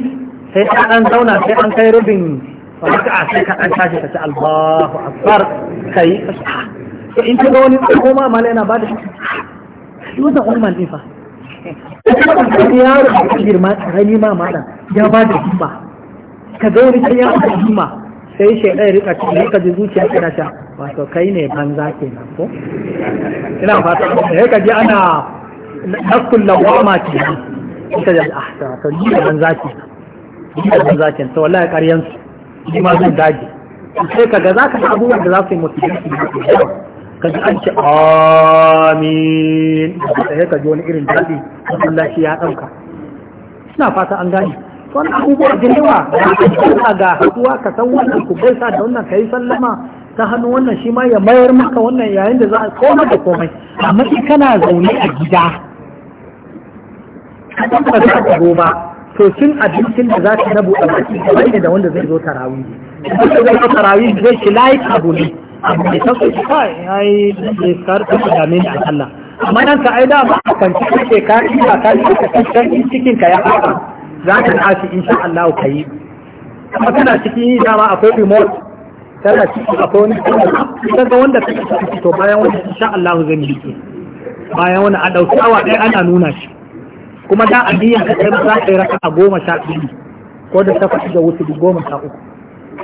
sai an zauna sai an kai rubin raka'a sai ka an tashi ka ci Allahu akbar ka ah. to in ka ga wani tsoho ma mana yana ba da shi ah. wannan umman din fa wani yaro da ka girma karami ma mana ya ba da himma ka ga wani kan yaro da himma sai shi ɗaya rika ci rika ji zuciya kana ta wato kai ne banza kenan ko ina fata sai ka kaji ana hakul lawama ce ita da ahsa to ni da banza ce ni da banza ce to wallahi ƙaryan su ni ma zan daji sai ka ga zaka abubuwan da za su yi mutunci kaji an ce amin da ka ji wani irin daɗi Allah shi ya ɗauka ina fata an gani. wani abubuwa da yawa a ga haɗuwa ka san wannan ku gaisa da wannan ka yi sallama ta hannu wannan shi ma ya mayar maka wannan yayin da za a koma da komai amma in kana zaune a gida ka ba za ka ba to sun abincin da za ka na buɗe baki da wanda zai zo tarawih wanda zai zo tarawih zai shi layi abu ne abu mai sauƙi shi kai ya yi kar ka dame ni a sallah amma nan ka ai da ba a kwanci kake ka ba ka yi ka cikin cikin ka ya haka za ka tashi insha Allah ka yi kuma kana cikin yi dama akwai remote kana cikin akwai wani kuma ga wanda ta cikin to bayan wani insha Allah zan yi ki bayan wani a ɗauki awa ɗaya ana nuna shi kuma da a biya ka sai za ka yi raka goma sha biyu ko da ta faɗi da wasu goma sha uku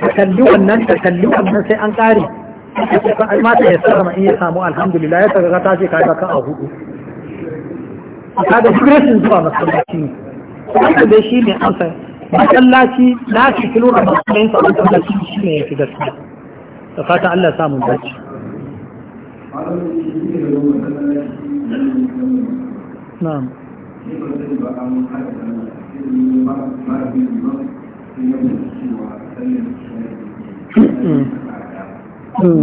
ka kalli wannan ka kalli wannan sai an ƙare ai mata ya ma in ya samu alhamdulillah ya ce ka a hudu ka da zuwa masallaci ne haka dai shi ne amsa masallaci na kilo da masallaci sa masallaci shi ne ya gaskiya da fata Allah dace na'am Mm-hmm. kai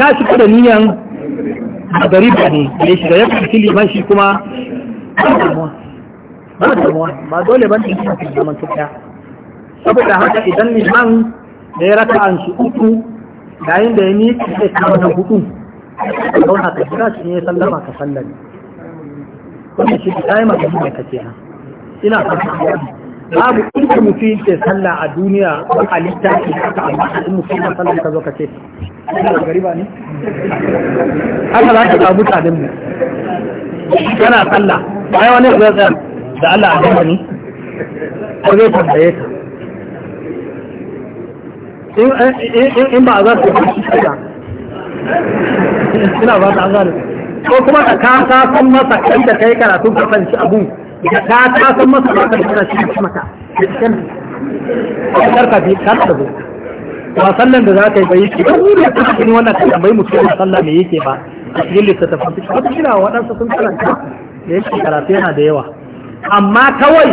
ka shi da niyan magariba ne ya shiga ya fi liman shi kuma ba damuwa ba dole ban ɗin kuma zaman tuka saboda haka idan liman da ya raka an shi uku yayin da ya ni sai kama na hudu zauna ka jira shi ne ya sallama ka sallame wannan shi ta yi magana ka ha ina fata babu inda mutum yake sallah a duniya don halitta ke aka amma in mutum yana sallah ka zo ka ce gari ba ne haka za ka ga mutanen mu yana sallah bayan wani zai tsaya da Allah a gaba ne ko zai tambaye ka in ba a za su yi shi ba. ina ba ta an ko kuma ka kasa san masa kai da kai karatu ka san shi abun Ka ta san masa ba ta fara shi mata kan karka bi karka bi ba sallan da za ka yi ba yake ba ne ka cikin wannan ka tambayi mutum da sallah me yake ba a cikin littattafan fiqh wata kira waɗansu sun karanta da yake karatu yana da yawa amma kawai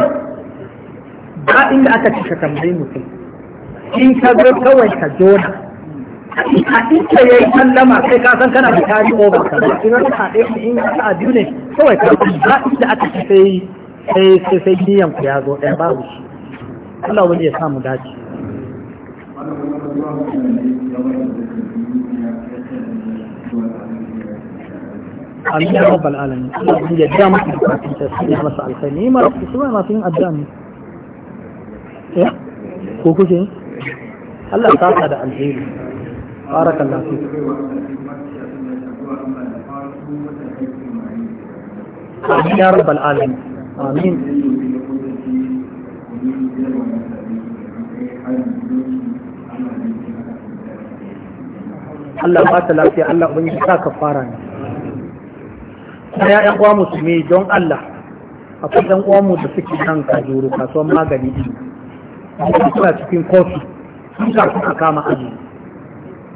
ba inda aka ci ka tambayi mutum in ka zo kawai ka jona a inda ya yi sallama sai ka san kana da tari over ka ba in raka ɗaya in ka a biyu ne kawai ka ba inda aka ci sai sai sai sai niyan ku ya zo ɗaya babu shi Allah wani ya samu dace amin ya rabbal alamin Allah ya da maka da kafin ta sai masa alkhairi ni ma su ba masu yin addu'a ne ya ko kuke Allah ta da alheri بارك الله amin ya rabbal العالمين amin Allah ba ta lafiya Allah ubangiji sa ka fara ne kuma ya ƴan uwa musulmi don Allah akwai ɗan mu da suke nan kajuru kasuwan magani ɗin suna cikin kofi sun kafin a kama azumi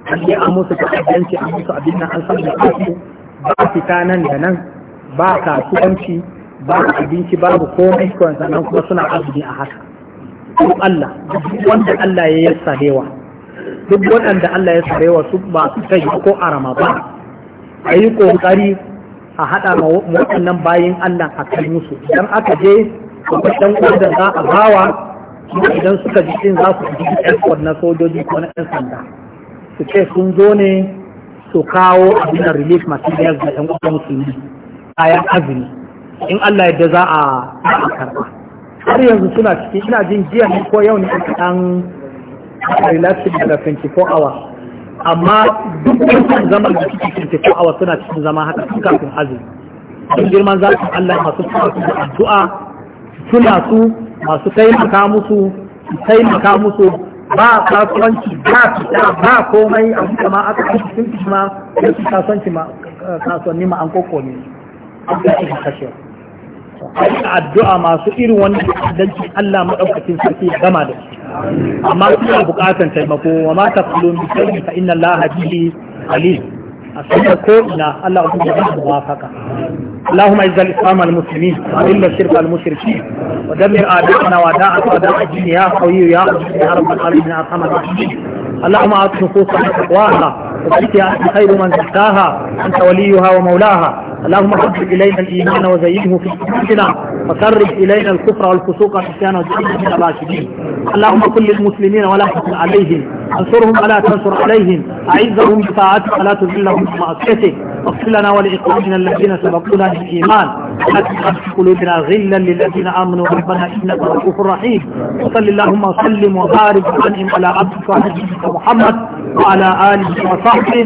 an yi an musu ajiyanci an musu abin nan an samu kasu ba fita nan da nan ba kasuwanci ba abinci babu komai kawai sannan kuma suna azumi a haka duk Allah wanda Allah ya yi sarewa duk waɗanda Allah ya sarewa su ba su kai ko a ba a yi ƙoƙari a haɗa waɗannan bayan Allah a kai musu idan aka je akwai ɗan wanda za a bawa idan suka ji ɗin za su ji ɗan na sojoji ko na ƴan sanda su ce sun zo ne su kawo abin da relief materials da yan uwa musulmi kayan azumi in Allah yadda za a karba har yanzu suna ciki ina jin jiya ne ko yau ne a dan relaxing daga 24 hours amma duk wannan zama da suke 24 hours suna cikin zama haka tun kafin azumi don girman za su Allah masu suna su da addu'a suna su masu taimaka musu taimaka musu ba kasuwanci ba fita ba komai a kuma ma aka kashe sun fi ma ya fi kasuwanci ma kasuwanni ma an koko ne an kashe A kashe addu'a masu irin wani, adalci Allah madaukakin sarki ya gama da su amma suna bukatan taimako wa ma ta bi shay'in fa inna Allah bihi alim الله موافقة اللهم عز الإسلام المسلمين وإلا الشرك المشركين ودمر آبائنا وأداءك وأداء الدين يا قوي يا عزيز يا رب العالمين يا أرحم الراحمين اللهم أعط نفوسنا تقواها وزكها خير من زكاها أنت وليها ومولاها اللهم حبب إلينا الإيمان وزينه في قلوبنا وكره إلينا الكفر والفسوق والعصيان وزينه من الراشدين اللهم كن للمسلمين ولا تكن عليهم انصرهم ولا تنصر عليهم أعزهم بطاعتك ولا تذلهم بمعصيتك واغفر لنا ولإخواننا الذين سبقونا بالإيمان ولا تجعل في قلوبنا غلا للذين آمنوا ربنا إنك رؤوف رحيم وصل اللهم وسلم وبارك وأنعم على عبدك وحبيبك محمد وعلى آله وصحبه